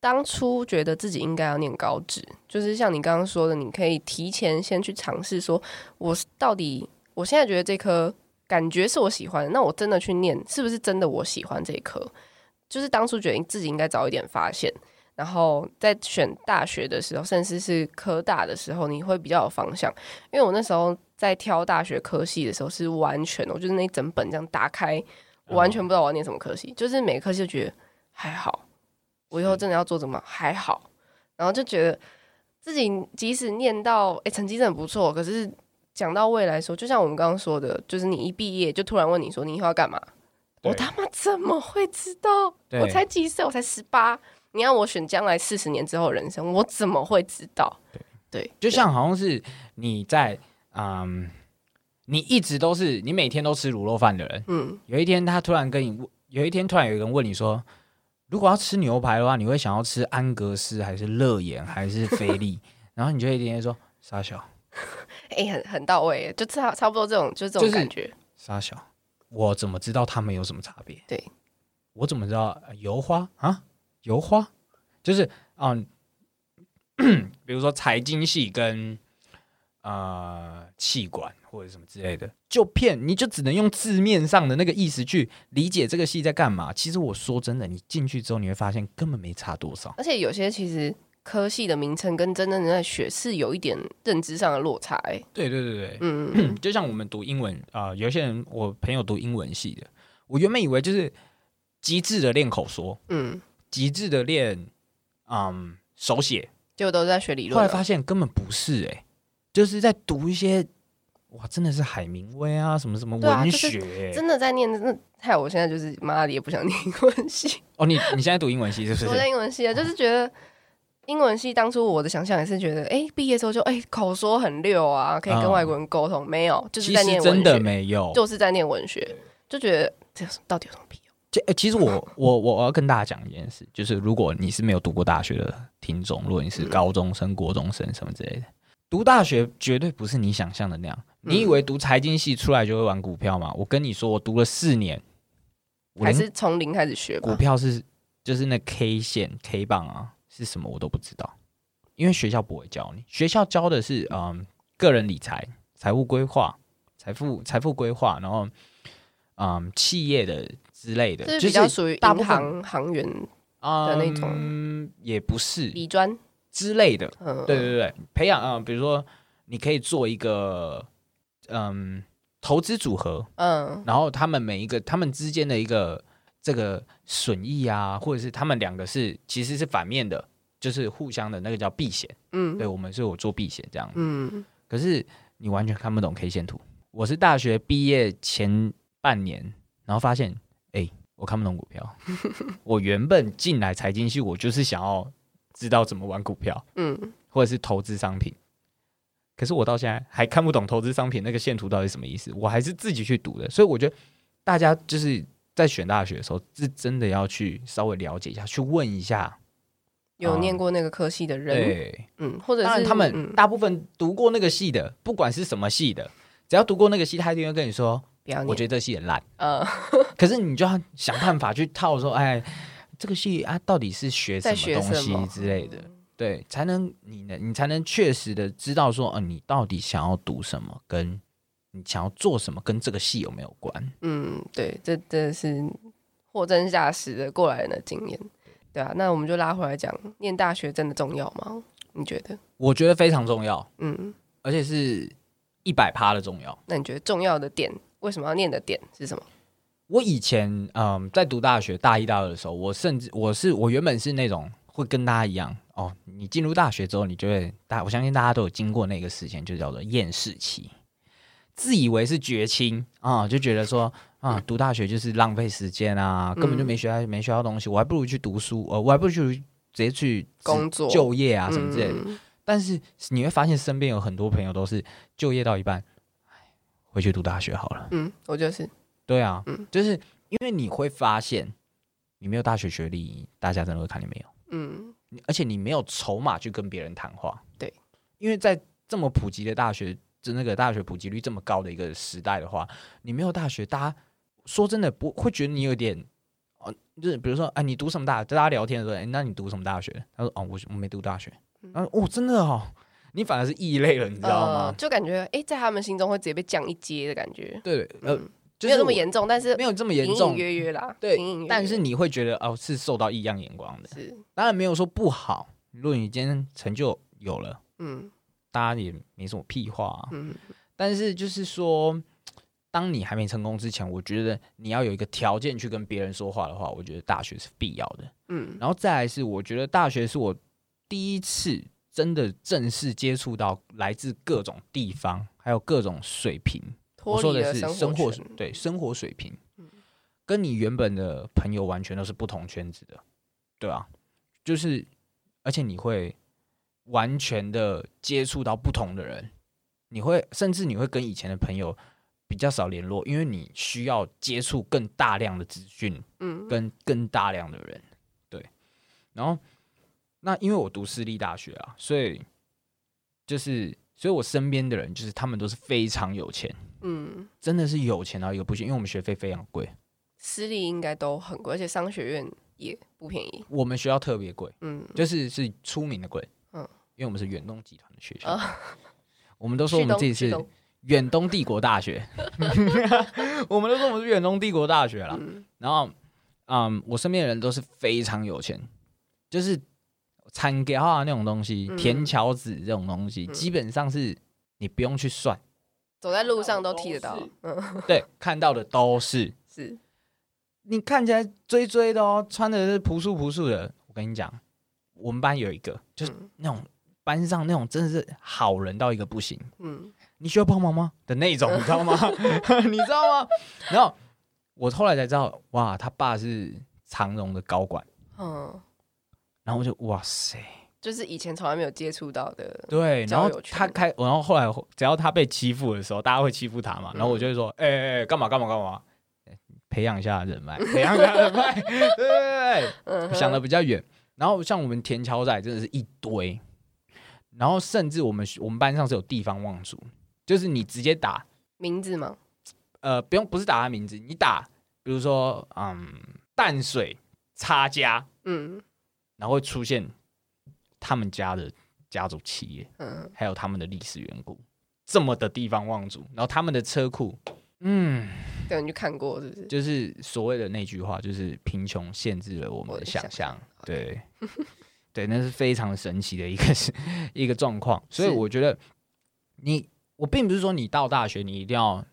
當初覺得自己應該要念高職，就是像你剛剛說的，你可以提前先去嘗試說，說我到底我現在覺得這科感覺是我喜歡的，那我真的去念是不是真的我喜歡這一科？就是當初覺得自己應該早一點發現，然後在選大學的時候，甚至是科大的時候，你會比較有方向。因為我那時候在挑大學科系的時候，是完全的，我就是那一整本這樣打開，我完全不知道我要念什麼科系，哦、就是每個科系就覺得還好。我以後真的要做什麼？嗯、還好，然後就覺得自己即使念到哎、欸，成績真的不錯，可是講到未來來說，就像我們剛剛說的，就是你一畢業就突然問你說你以後要幹嘛？我他媽怎麼會知道？我才幾歲？我才十八，你要我選將來四十年之後人生，我怎麼會知道？對對，就像好像是你在嗯，你一直都是你每天都吃滷肉飯的人，嗯，有一天他突然跟你問，有一天突然有人問你說。如果要吃牛排的話，你會想要吃安格斯還是肋眼還是菲力？ 然後你就會直接說傻小，哎、欸，很很到位，就差差不多這種，就這種感覺。就是、傻小，我怎麼知道他們有什麼差別？對，我怎麼知道、呃、油花啊？油花就是啊、嗯， 比如說財經系跟啊企管。呃或者什麼之類的，就騙你就只能用字面上的那個意思去理解這個系在幹嘛。其實我說真的，你進去之後你會發現根本沒差多少。而且有些其實科系的名稱跟真正的在學是有一點認知上的落差、欸。對對對對，嗯， 就像我們讀英文啊、呃，有些人我朋友讀英文系的，我原本以為就是極致的練口說，嗯，極致的練，嗯，手寫，就都在學理論。後來發現根本不是、欸，誒，就是在讀一些。哇，真的是海明威啊，什麼什麼文學、欸，啊就是，真的在念的。害我現在就是媽的也不想念英文系。哦。你你現在讀英文系是不是？讀在英文系啊，就是覺得英文系當初我的想象也是覺得，哎、嗯，畢、欸、業之後就哎、欸、口說很溜啊，可以跟外國人溝通，嗯。沒有，就是在念文真的沒有，就是在念文學，就覺得這到底有什麼必要？這其實我我我要跟大家講一件事，就是如果你是沒有讀過大學的聽眾，如果你是高中生、國、嗯、中生什麼之類的，讀大學絕對不是你想象的那樣。你以為讀財經系出來就會玩股票嗎？嗯，我跟你說，我讀了四年，還是從零開始學股票是，是就是那 K 線、K 棒啊，是什麼我都不知道，因為學校不會教你。學校教的是嗯，個人理財、財務規劃、財富財富規劃，然後嗯，企業的之類的，就是，是比較屬於銀行行員的那種，也不是理專。之類的，uh. 對對對培養啊、呃，比如說你可以做一個嗯投資組合，嗯、uh.，然後他們每一個他們之間的一個這個損益啊，或者是他們兩個是其實是反面的，就是互相的那個叫避險，嗯，對我們是有做避險這樣，嗯，可是你完全看不懂 K 線圖，我是大學畢業前半年，然後發現哎，我看不懂股票， 我原本進來財經系，我就是想要。知道怎麼玩股票，嗯，或者是投資商品，可是我到現在還看不懂投資商品那個線圖到底什麼意思，我還是自己去讀的。所以我覺得大家就是在選大學的時候，是真的要去稍微了解一下，去問一下有念過那個科系的人，對、嗯欸，嗯，或者是他們大部分讀過那個系的、嗯，不管是什麼系的，只要讀過那個系，他一定會跟你說，不要念，我覺得這系很爛。呃， 可是你就要想辦法去套說，哎、欸。這個系啊，到底是學什麼東西之類的？嗯、對，才能你呢，你才能確實的知道說，哦、啊，你到底想要讀什麼，跟你想要做什麼，跟這個系有沒有關？嗯，對，這這是貨真價實的過來人的經驗，對啊，那我們就拉回來講，念大學真的重要嗎？你覺得？我覺得非常重要，嗯，而且是一百趴的重要。那你覺得重要的點，為什麼要念的點是什麼？我以前，嗯、呃，在讀大學大一、大二的時候，我甚至我是我原本是那種會跟大家一樣哦，你進入大學之後，你就會大，我相信大家都有經過那個事情，就叫做厭世期，自以為是絕情啊、嗯，就覺得說啊、嗯嗯，讀大學就是浪費時間啊，根本就沒學到、嗯、沒學到東西，我還不如去讀書，呃、我還不如去直接去工作就業啊什麼之類的。嗯、但是你會發現，身邊有很多朋友都是就業到一半，哎，回去讀大學好了。嗯，我就是。對啊、嗯，就是因為你會發現，你沒有大學學歷，大家真的會看你沒有。嗯，而且你沒有籌碼去跟別人談話。對，因為在這麼普及的大學，就那個大學普及率這麼高的一個時代的話，你沒有大學，大家說真的不會覺得你有點啊，就是比如說，哎，你讀什麼大學，大家聊天的時候，哎，那你讀什麼大學？他說，哦，我，我沒讀大學。然後，哦，真的哦，你反而是異類了，你知道嗎？呃、就感覺，哎、欸，在他們心中會直接被降一階的感覺。對、對、對，呃嗯沒有那麼嚴重，但是沒有這麼嚴重，嚴重隱隱約約啦。對，隱隱約約，但是你會覺得哦，是受到異樣眼光的。是，當然沒有說不好。如果你今天成就有了，嗯，大家也沒什麼屁話啊。嗯，但是就是說，當你還沒成功之前，我覺得你要有一個條件去跟別人說話的話，我覺得大學是必要的。嗯，然後再來是，我覺得大學是我第一次真的正式接觸到來自各種地方，還有各種水平。我說的是生活，對，生活水平，跟你原本的朋友完全都是不同圈子的，對啊，就是，而且你會完全的接觸到不同的人，你會，甚至你會跟以前的朋友比較少聯絡，因為你需要接觸更大量的資訊，嗯，跟更大量的人、嗯，對。然後，那因為我讀私立大學啊，所以就是，所以我身邊的人就是他們都是非常有錢。嗯，真的是有錢到一個不行，因為我們學費非常貴，私立應該都很貴，而且商學院也不便宜。我們學校特別貴，嗯，就是是出名的貴，嗯，因為我們是遠東集團的學校、呃，我們都說我們自己是遠東帝國大學， 我們都說我們是遠東帝國大學啦、嗯。然後，嗯，我身邊的人都是非常有錢，就是參 g 啊那種東西，嗯、田喬子這種東西、嗯，基本上是你不用去算。走在路上都踢得到，嗯，對，看到的都是是，你看起來追追的哦，穿的是樸素樸素的。我跟你講，我們班有一個，就是那種班上那種真的是好人到一個不行，嗯，你需要幫忙嗎的那種、嗯，你知道嗎？ 你知道嗎？然後我後來才知道，哇，他爸是長榮的高管，嗯，然後我就哇塞。就是以前從來沒有接觸到的，對，然後他開，然後後來只要他被欺負的時候，大家會欺負他嘛、嗯，然後我就會說，哎、欸，哎、欸，幹嘛幹嘛幹嘛，嘛欸、培養一下人脈， 培養一下人脈，對，對，對，對，嗯、想的比較遠。然後像我們田橋仔真的是一堆，然後甚至我們我們班上是有地方望族，就是你直接打名字嘛，呃，不用，不是打他名字，你打，比如說，嗯，淡水差家，嗯，然後會出現。他們家的家族企業，嗯，還有他們的歷史緣故，這麼的地方望族，然後他們的車庫，嗯，對，你就看過是不是？就是就是所謂的那句話，就是貧窮限制了我們的想象，對，okay. 對， 對，那是非常神奇的一個一個狀況，所以我覺得你，你我並不是說你到大學你一定要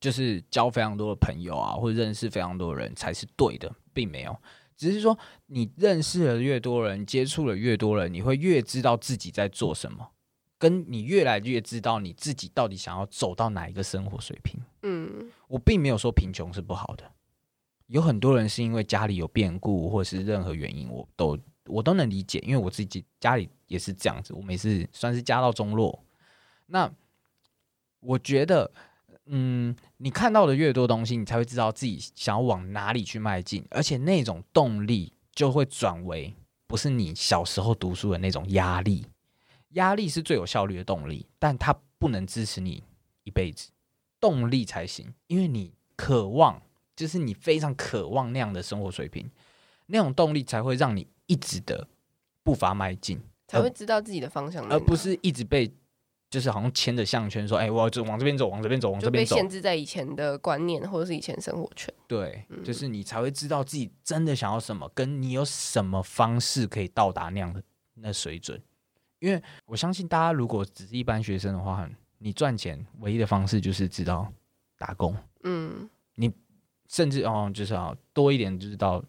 就是交非常多的朋友啊，或者認識非常多的人才是對的，並沒有。只是說，你認識了越多人，接觸了越多人，你會越知道自己在做什麼，跟你越來越知道你自己到底想要走到哪一個生活水平。嗯，我並沒有說貧窮是不好的，有很多人是因為家裡有變故或者是任何原因，我都我都能理解，因為我自己家裡也是這樣子，我每次算是家道中落。那我覺得。嗯，你看到的越多東西，你才會知道自己想要往哪裡去邁進，而且那種動力就會轉為不是你小時候讀書的那種壓力，壓力是最有效率的動力，但它不能支持你一輩子，動力才行，因為你渴望，就是你非常渴望那樣的生活水平，那種動力才會讓你一直的步伐邁進，才會知道自己的方向而，而不是一直被。就是好像牽着項圈說：“哎、欸，我就往這邊走，往這邊走，往這邊走。”就被限制在以前的觀念，或者是以前生活圈。對、嗯，就是你才會知道自己真的想要什麼，跟你有什麼方式可以到達那樣的那水準。因為我相信大家，如果只是一般學生的話，你賺錢唯一的方式就是知道打工。嗯，你甚至哦，就是、啊、要多一點，就是到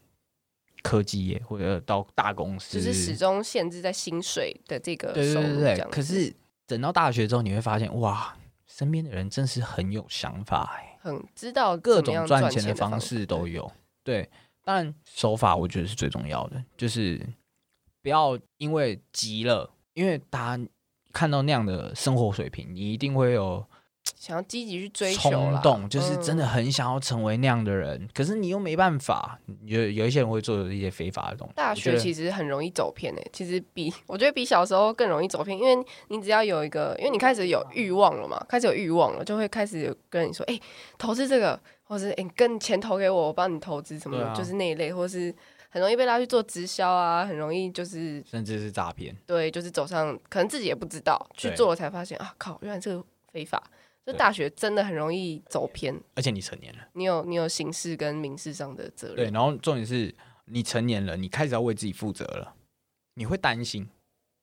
科技業或者到大公司，嗯、就是始終限制在薪水的這個收入來講，對對對。可是。等到大學之後，你會發現哇，身邊的人真是很有想法哎，很知道各種賺錢的方式都有，對。對，但手法我覺得是最重要的，就是不要因為急了，因為大家看到那樣的生活水平，你一定會有。想要積極去追求衝動，就是真的很想要成為那樣的人，嗯、可是你又沒辦法。有有一些人會做一些非法的東西，大學其實很容易走偏誒、欸。其實比我覺得比小時候更容易走偏，因為你只要有一個，因為你開始有慾望了嘛，啊、開始有慾望了，就會開始跟你說，哎、欸，投資這個，或是哎、欸，你跟錢投給我，我幫你投資什麼，就是那一類、啊，或是很容易被拉去做直銷啊，很容易就是甚至是詐騙。對，就是走上可能自己也不知道去做了，才發現啊，靠，原來這個非法。就大學真的很容易走偏，而且你成年了，你有你有刑事跟民事上的責任。對，然後重點是，你成年了，你開始要為自己負責了，你會擔心，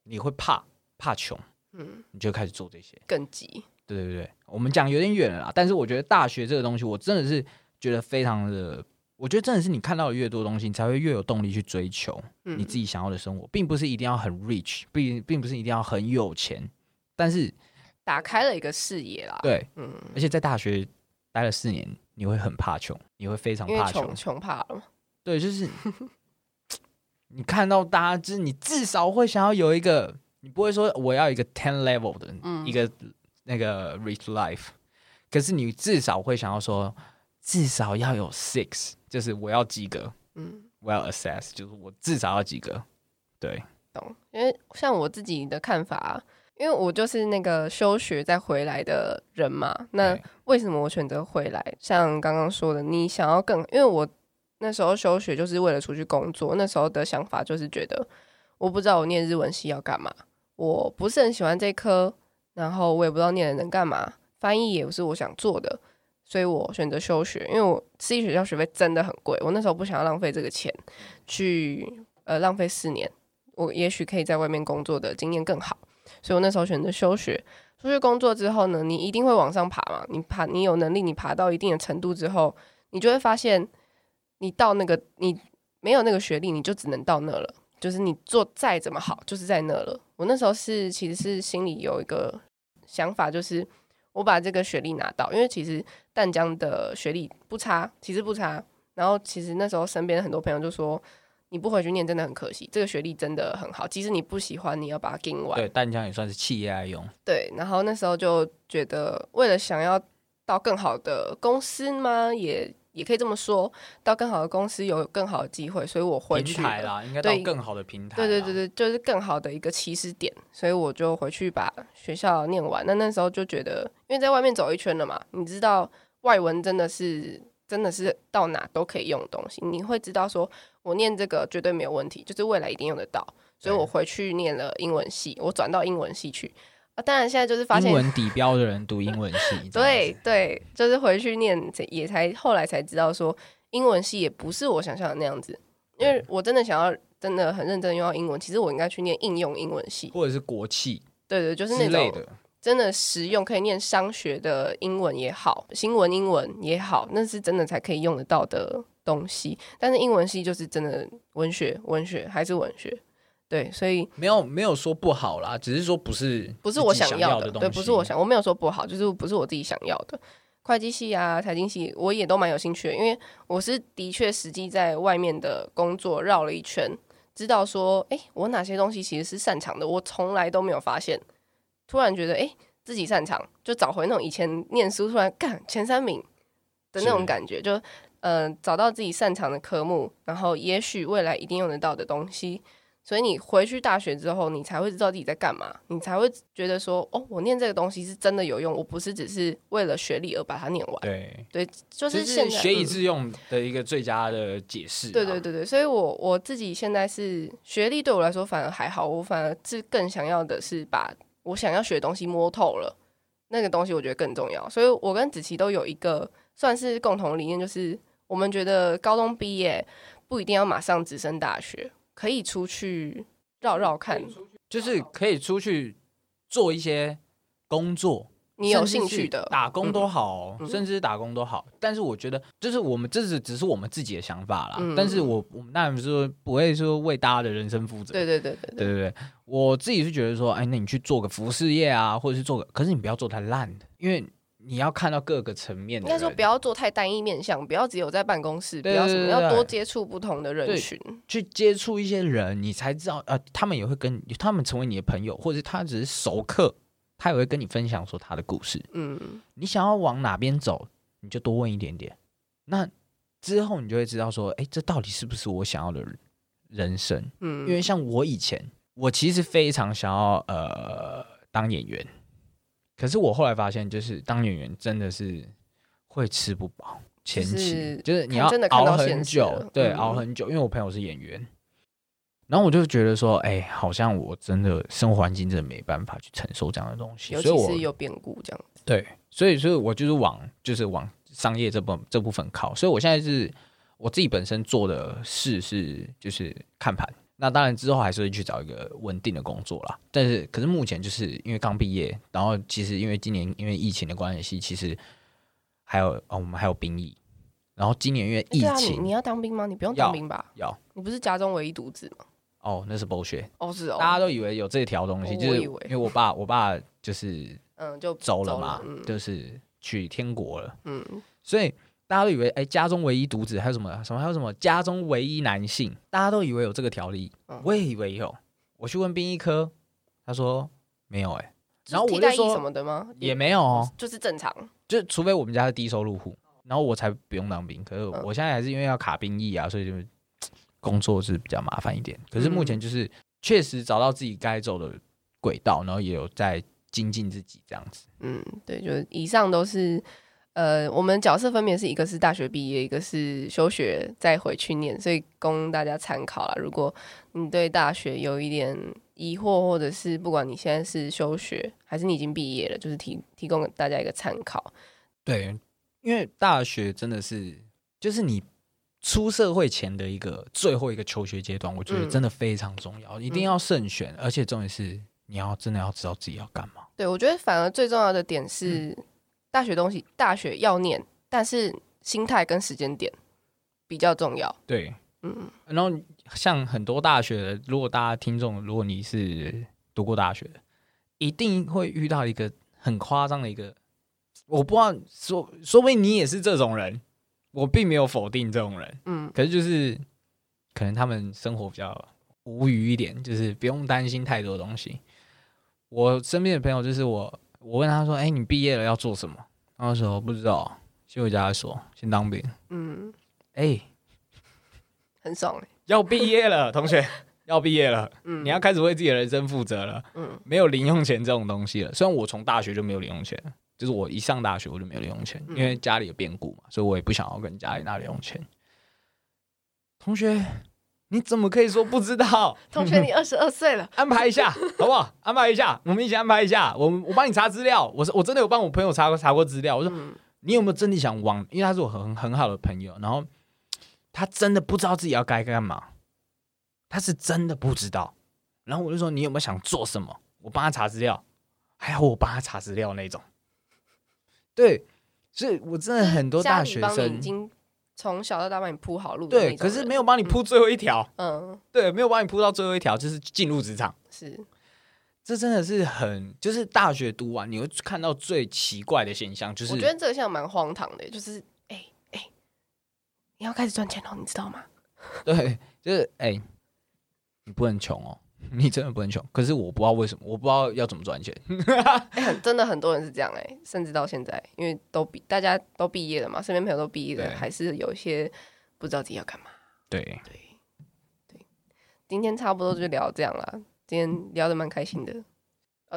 你會怕，怕窮，嗯，你就開始做這些，更急。對對對，我們講有點遠了啦，但是我覺得大學這個東西，我真的是覺得非常的，我覺得真的是你看到的越多東西，你才會越有動力去追求你自己想要的生活，嗯，並不是一定要很 rich，並並不是一定要很有錢，但是。打開了一個視野啦。對，嗯，而且在大學待了四年，嗯，你會很怕窮，你會非常怕窮，窮怕了。對，就是 你看到大家，就是你至少會想要有一個，你不會說我要一個 ten level 的，嗯，一個那個 rich life，可是你至少會想要說，至少要有 six，就是我要及格，嗯，我要 assess，就是我至少要及格，對。懂，因為像我自己的看法。因為我就是那個休學再回來的人嘛，那為什麼我選擇回來？像剛剛說的，你想要更，因為我那時候休學就是為了出去工作。那時候的想法就是覺得，我不知道我念日文系要幹嘛，我不是很喜歡這科，然後我也不知道念了能幹嘛，翻譯也不是我想做的，所以我選擇休學。因為我私立學校學費真的很貴，我那時候不想要浪費這個錢去呃浪費四年，我也許可以在外面工作的經驗更好。所以我那時候選擇休學，出去工作之後呢，你一定會往上爬嘛。你爬，你有能力，你爬到一定的程度之後，你就會發現，你到那個你沒有那個學歷，你就只能到那了。就是你做再怎麼好，就是在那了。我那時候是其實是心裡有一個想法，就是我把這個學歷拿到，因為其實淡江的學歷不差，其實不差。然後其實那時候身邊很多朋友就說。你不回去念真的很可惜，這個學歷真的很好。即使你不喜歡，你要把它給完。對，淡江也算是企業愛用。對，然後那時候就覺得，為了想要到更好的公司嘛，也也可以這麼說，到更好的公司有更好的機會，所以我回去。平台啦，應該到更好的平台對。對對對對，就是更好的一個起始點，所以我就回去把學校念完。那那時候就覺得，因為在外面走一圈了嘛，你知道外文真的是真的是到哪都可以用的東西，你會知道說。我念這個絕對沒有問題，就是未來一定用得到，所以我回去念了英文系，我轉到英文系去啊。當然現在就是發現英文底標的人讀英文系， 對對，就是回去念也才後來才知道說英文系也不是我想象的那樣子，因為我真的想要真的很認真用到英文，其實我應該去念應用英文系或者是國企，對對，就是那種真的實用可以念商學的英文也好，新聞英文也好，那是真的才可以用得到的。東西，但是英文系就是真的文學，文學還是文學，對，所以沒有沒有說不好啦，只是說不是不是我想要的東西，對，不是我想，我沒有說不好，就是不是我自己想要的。會計系啊，財經系，我也都蠻有興趣的，因為我是的確實際在外面的工作繞了一圈，知道說，欸，我哪些東西其實是擅長的，我從來都沒有發現，突然覺得，欸，自己擅長就找回那種以前念書突然幹前三名的那種感覺就。嗯，找到自己擅長的科目，然後也許未來一定用得到的東西。所以你回去大學之後，你才會知道自己在幹嘛，你才會覺得說，哦，我念這個東西是真的有用，我不是只是為了學歷而把它念完。對，對，就是現在學以致用的一個最佳的解釋啊。嗯。對對對對，所以我我自己現在是學歷對我來說反而還好，我反而是更想要的是把我想要學的東西摸透了，那個東西我覺得更重要。所以，我跟子琪都有一個算是共同理念，就是。我們覺得高中畢業不一定要馬上直升大學，可以出去繞繞看，就是可以出去做一些工作，你有興趣的打工都好，嗯、甚至是打工都好、嗯。但是我覺得，就是我們這、就是只是我們自己的想法啦。嗯、但是我我當然不是說不會說為大家的人生負責。對對對對，對對對，我自己是覺得說，哎，那你去做個服飾業啊，或者是做個，可是你不要做太爛的，因為。你要看到各個層面的人，應該說不要做太單一面向，不要只有在辦公室，不要什麼，要多接觸不同的人群，去接觸一些人，你才知道，呃，他們也會跟你，他們成為你的朋友，或者他只是熟客，他也會跟你分享說他的故事。嗯，你想要往哪邊走，你就多問一點點，那之後你就會知道說，誒、欸，這到底是不是我想要的人，人生？嗯，因為像我以前，我其實非常想要呃當演員。可是我後來發現，就是當演員真的是會吃不飽，前期就是你要熬很久，對，熬很久。因為我朋友是演員，然後我就覺得說，哎，好像我真的生活環境真的沒辦法去承受這樣的東西，尤其是有變故這樣。對，所以所以，我就是往就是往商業這部這部分靠。所以我現在是我自己本身做的事是就是看盤。那當然之後還是會去找一個穩定的工作啦。但是可是目前就是因為剛畢業，然後其實因為今年因為疫情的關係，其實還有、哦、我們還有兵役，然後今年因為疫情，欸啊、你,你要當兵嗎？你不用當兵吧？要？你不是家中唯一獨子嗎？哦，那是 bullshit。Oh, 哦，是哦大家都以為有這條東西，oh, 就是因為我爸我爸就是 嗯就走了嘛走了、嗯，就是去天國了，嗯，所以。大家都以為，哎、欸，家中唯一獨子，還有什麼什麼，還有什麼家中唯一男性，大家都以為有這個條例，嗯。我也以為有，我去問兵役科，他說沒有、欸，哎，然後我就說、就是、什麼的嗎？也沒有、喔，就是正常，就除非我們家是低收入戶，然後我才不用當兵。可是我現在還是因為要卡兵役啊，嗯、所以就工作是比較麻煩一點。可是目前就是確實找到自己該走的軌道，嗯，然後也有在精進自己這樣子。嗯，對，就是以上都是。呃，我們的角色分別，是一個是大學畢業，一個是休學再回去念，所以供大家參考啦。如果你對大學有一點疑惑，或者是不管你現在是休學還是你已經畢業了，就是提提供給大家一個參考。對，因為大學真的是就是你出社會前的一個最後一個求學階段，我覺得真的非常重要，嗯、一定要慎選、嗯，而且重點是你要真的要知道自己要幹嘛。對，我覺得反而最重要的點是。嗯大學東西，大學要念，但是心態跟時間點比較重要。對，嗯。然後像很多大學的，如果大家聽眾，如果你是讀過大學，一定會遇到一個很誇張的一個，我不知道說，說不定你也是這種人。我並沒有否定這種人，嗯。可是就是可能他們生活比較無虞一點，就是不用擔心太多東西。我身邊的朋友就是我。我問他說：“哎、欸，你畢業了要做什麼？”他說：“不知道，先回家再說，先當兵。”嗯，哎、欸，很爽、欸！要畢業了， 同學要畢業了，嗯，你要開始為自己的人生負責了。嗯，沒有零用錢這種東西了。雖然我從大學就沒有零用錢，就是我一上大學我就沒有零用錢，嗯、因為家裡有變故嘛，所以我也不想要跟家裡拿零用錢。同學。你怎麼可以說不知道？同學，你二十二歲了， 安排一下好不好？ 安排一下，我們一起安排一下。我我幫你查資料。我說，我真的有幫我朋友查過查過資料。我說，你有沒有真的想往？因為他是我很很好的朋友，然後他真的不知道自己要該幹嘛，他是真的不知道。然後我就說，你有沒有想做什麼？我幫他查資料，還有我幫他查資料那種。對，所以我真的很多大學生。從小到大幫你鋪好路，對，可是沒有幫你鋪最後一條，嗯，對，沒有幫你鋪到最後一條，就是進入職場。是，這真的是很，就是大學讀完，你會看到最奇怪的現象，就是我覺得這個現象蠻荒唐的，就是，哎、欸、哎、欸，你要開始賺錢了，你知道嗎？對，就是，哎、欸，你不很窮哦、喔。你真的不能窮，可是我不知道為什麼，我不知道要怎麼賺錢 、欸。真的很多人是這樣哎、欸，甚至到現在，因為都畢，大家都畢業了嘛，身邊朋友都畢業了，還是有一些不知道自己要幹嘛。對對對，今天差不多就聊這樣啦，今天聊的蠻開心的。哦、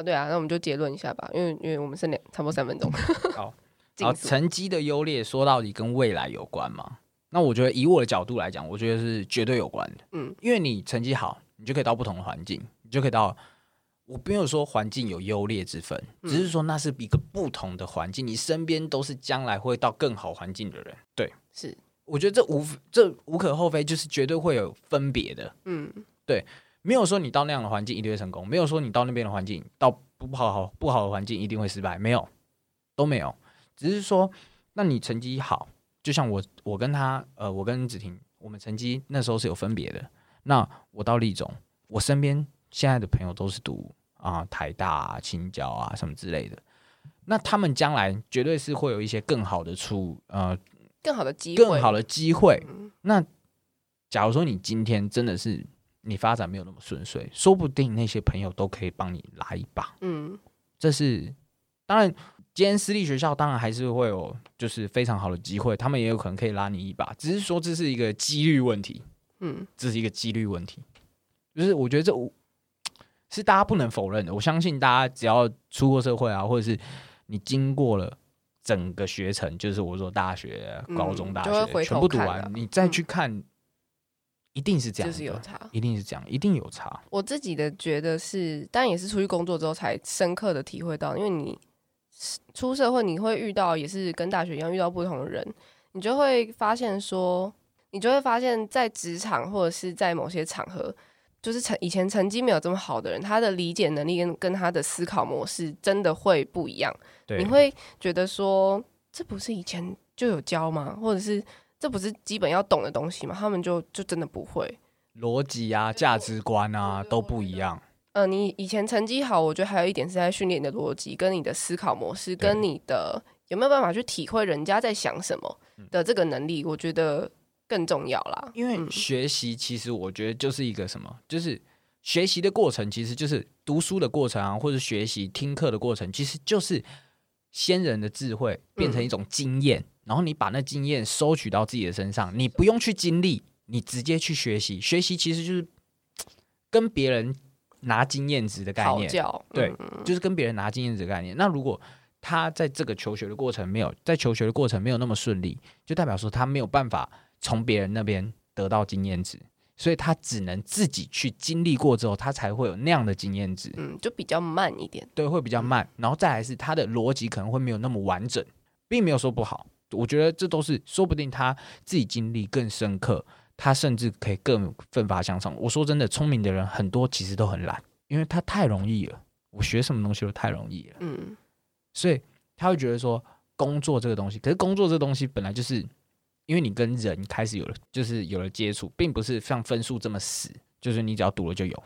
嗯啊，對啊，那我們就結論一下吧，因為因為我們剩兩，差不多三分鐘。 好，好，成績的優劣說到底跟未來有關嗎？那我覺得以我的角度來講，我覺得是絕對有關的。嗯，因為你成績好。你就可以到不同的環境，你就可以到。我不用說環境有優劣之分，只是說那是一個不同的環境、嗯。你身邊都是將來會到更好環境的人，對，是。我覺得這無這無可厚非，就是絕對會有分別的。嗯，對，沒有說你到那樣的環境一定會成功，沒有說你到那邊的環境到不好好不好的環境一定會失敗，沒有，都沒有。只是說，那你成績好，就像我，我跟他，呃，我跟子婷，我們成績那時候是有分別的。那我到立總，我身邊現在的朋友都是讀啊、呃、台大啊、清交啊什麼之類的，那他們將來絕對是會有一些更好的出呃，更好的機會，更好的機會、嗯。那假如說你今天真的是你發展沒有那麼順遂，說不定那些朋友都可以幫你拉一把。嗯，這是當然，今天私立學校當然還是會有就是非常好的機會，他們也有可能可以拉你一把，只是說這是一個幾率問題。嗯，這是一個幾率問題，就是我覺得這我，是大家不能否認的。我相信大家只要出過社會啊，或者是你經過了整個學程，就是我說大學、啊嗯、高中、大學全部讀完，你再去看，嗯、一定是這樣，就是有差，一定是這樣，一定有差。我自己的覺得是，但也是出去工作之後才深刻的體會到，因為你出社會，你會遇到也是跟大學一樣遇到不同的人，你就會發現說。你就會發現，在職場或者是在某些場合，就是成以前成績沒有這麼好的人，他的理解能力跟跟他的思考模式真的會不一樣。對，你會覺得說，這不是以前就有教嗎？或者是這不是基本要懂的東西嗎？他們就就真的不會邏輯啊、價值觀啊，對對都不一樣。嗯、呃，你以前成績好，我覺得還有一點是在訓練你的邏輯、跟你的思考模式、跟你的有沒有辦法去體會人家在想什麼的這個能力，我覺得。更重要啦，因為學習其實我覺得就是一個什麼，就是學習的過程，其實就是讀書的過程啊，或者學習聽課的過程，其實就是先人的智慧變成一種經驗，然後你把那經驗收取到自己的身上，你不用去經歷，你直接去學習。學習其實就是跟別人拿經驗值的概念，對，就是跟別人拿經驗值的概念。那如果他在這個求學的過程沒有，在求學的過程沒有那麼順利，就代表說他沒有辦法。從別人那邊得到經驗值，所以他只能自己去經歷過之後，他才會有那樣的經驗值。嗯，就比較慢一點，對，會比較慢。然後再來是他的邏輯可能會沒有那麼完整，並沒有說不好。我覺得這都是說不定他自己經歷更深刻，他甚至可以更奮發向上。我說真的，聰明的人很多，其實都很懶，因為他太容易了。我學什麼東西都太容易了，嗯，所以他會覺得說工作這個東西，可是工作這個東西本來就是。因為你跟人開始有了，就是有了接觸，並不是像分數這麼死，就是你只要讀了就有。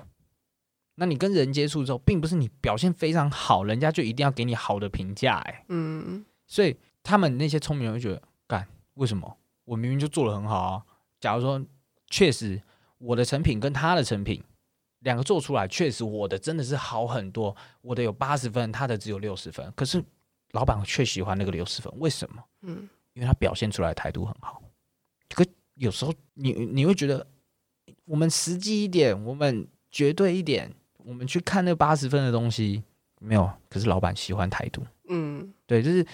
那你跟人接觸之後，並不是你表現非常好，人家就一定要給你好的評價。哎，嗯，所以他們那些聰明人會覺得，幹，為什麼？我明明就做得很好啊！假如說確實我的成品跟他的成品兩個做出來，確實我的真的是好很多，我的有八十分，他的只有六十分。可是老闆卻喜歡那個六十分，為什麼？嗯。因為他表現出來的態度很好，可有時候你你會覺得我們實際一點，我們絕對一點，我們去看那八十分的東西沒有。可是老板喜歡態度，嗯，對，就是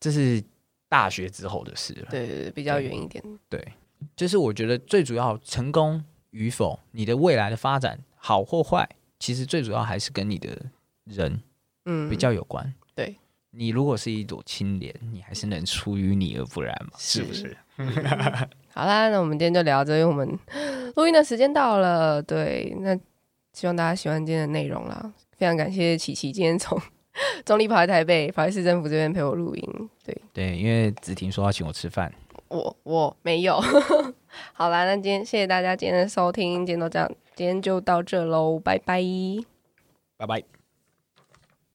這是大學之後的事了，對，比較遠一點。對，就是我覺得最主要成功與否，你的未來的發展好或壞，其實最主要還是跟你的人嗯比較有關，嗯，對。.你如果是一朵青蓮，你還是能出淤泥而不染嘛？是，是不是、 嗯？好啦，那我們今天就聊這，因為我們錄音的時間到了。對，那希望大家喜歡今天的內容啦。非常感謝琪琪今天從中壢跑來台北，跑來市政府這邊陪我錄音。對對，因為子婷說要請我吃飯，我我沒有。 好啦，那今天謝謝大家今天的收聽，今天都這樣，今天就到這嘍，拜拜，拜拜。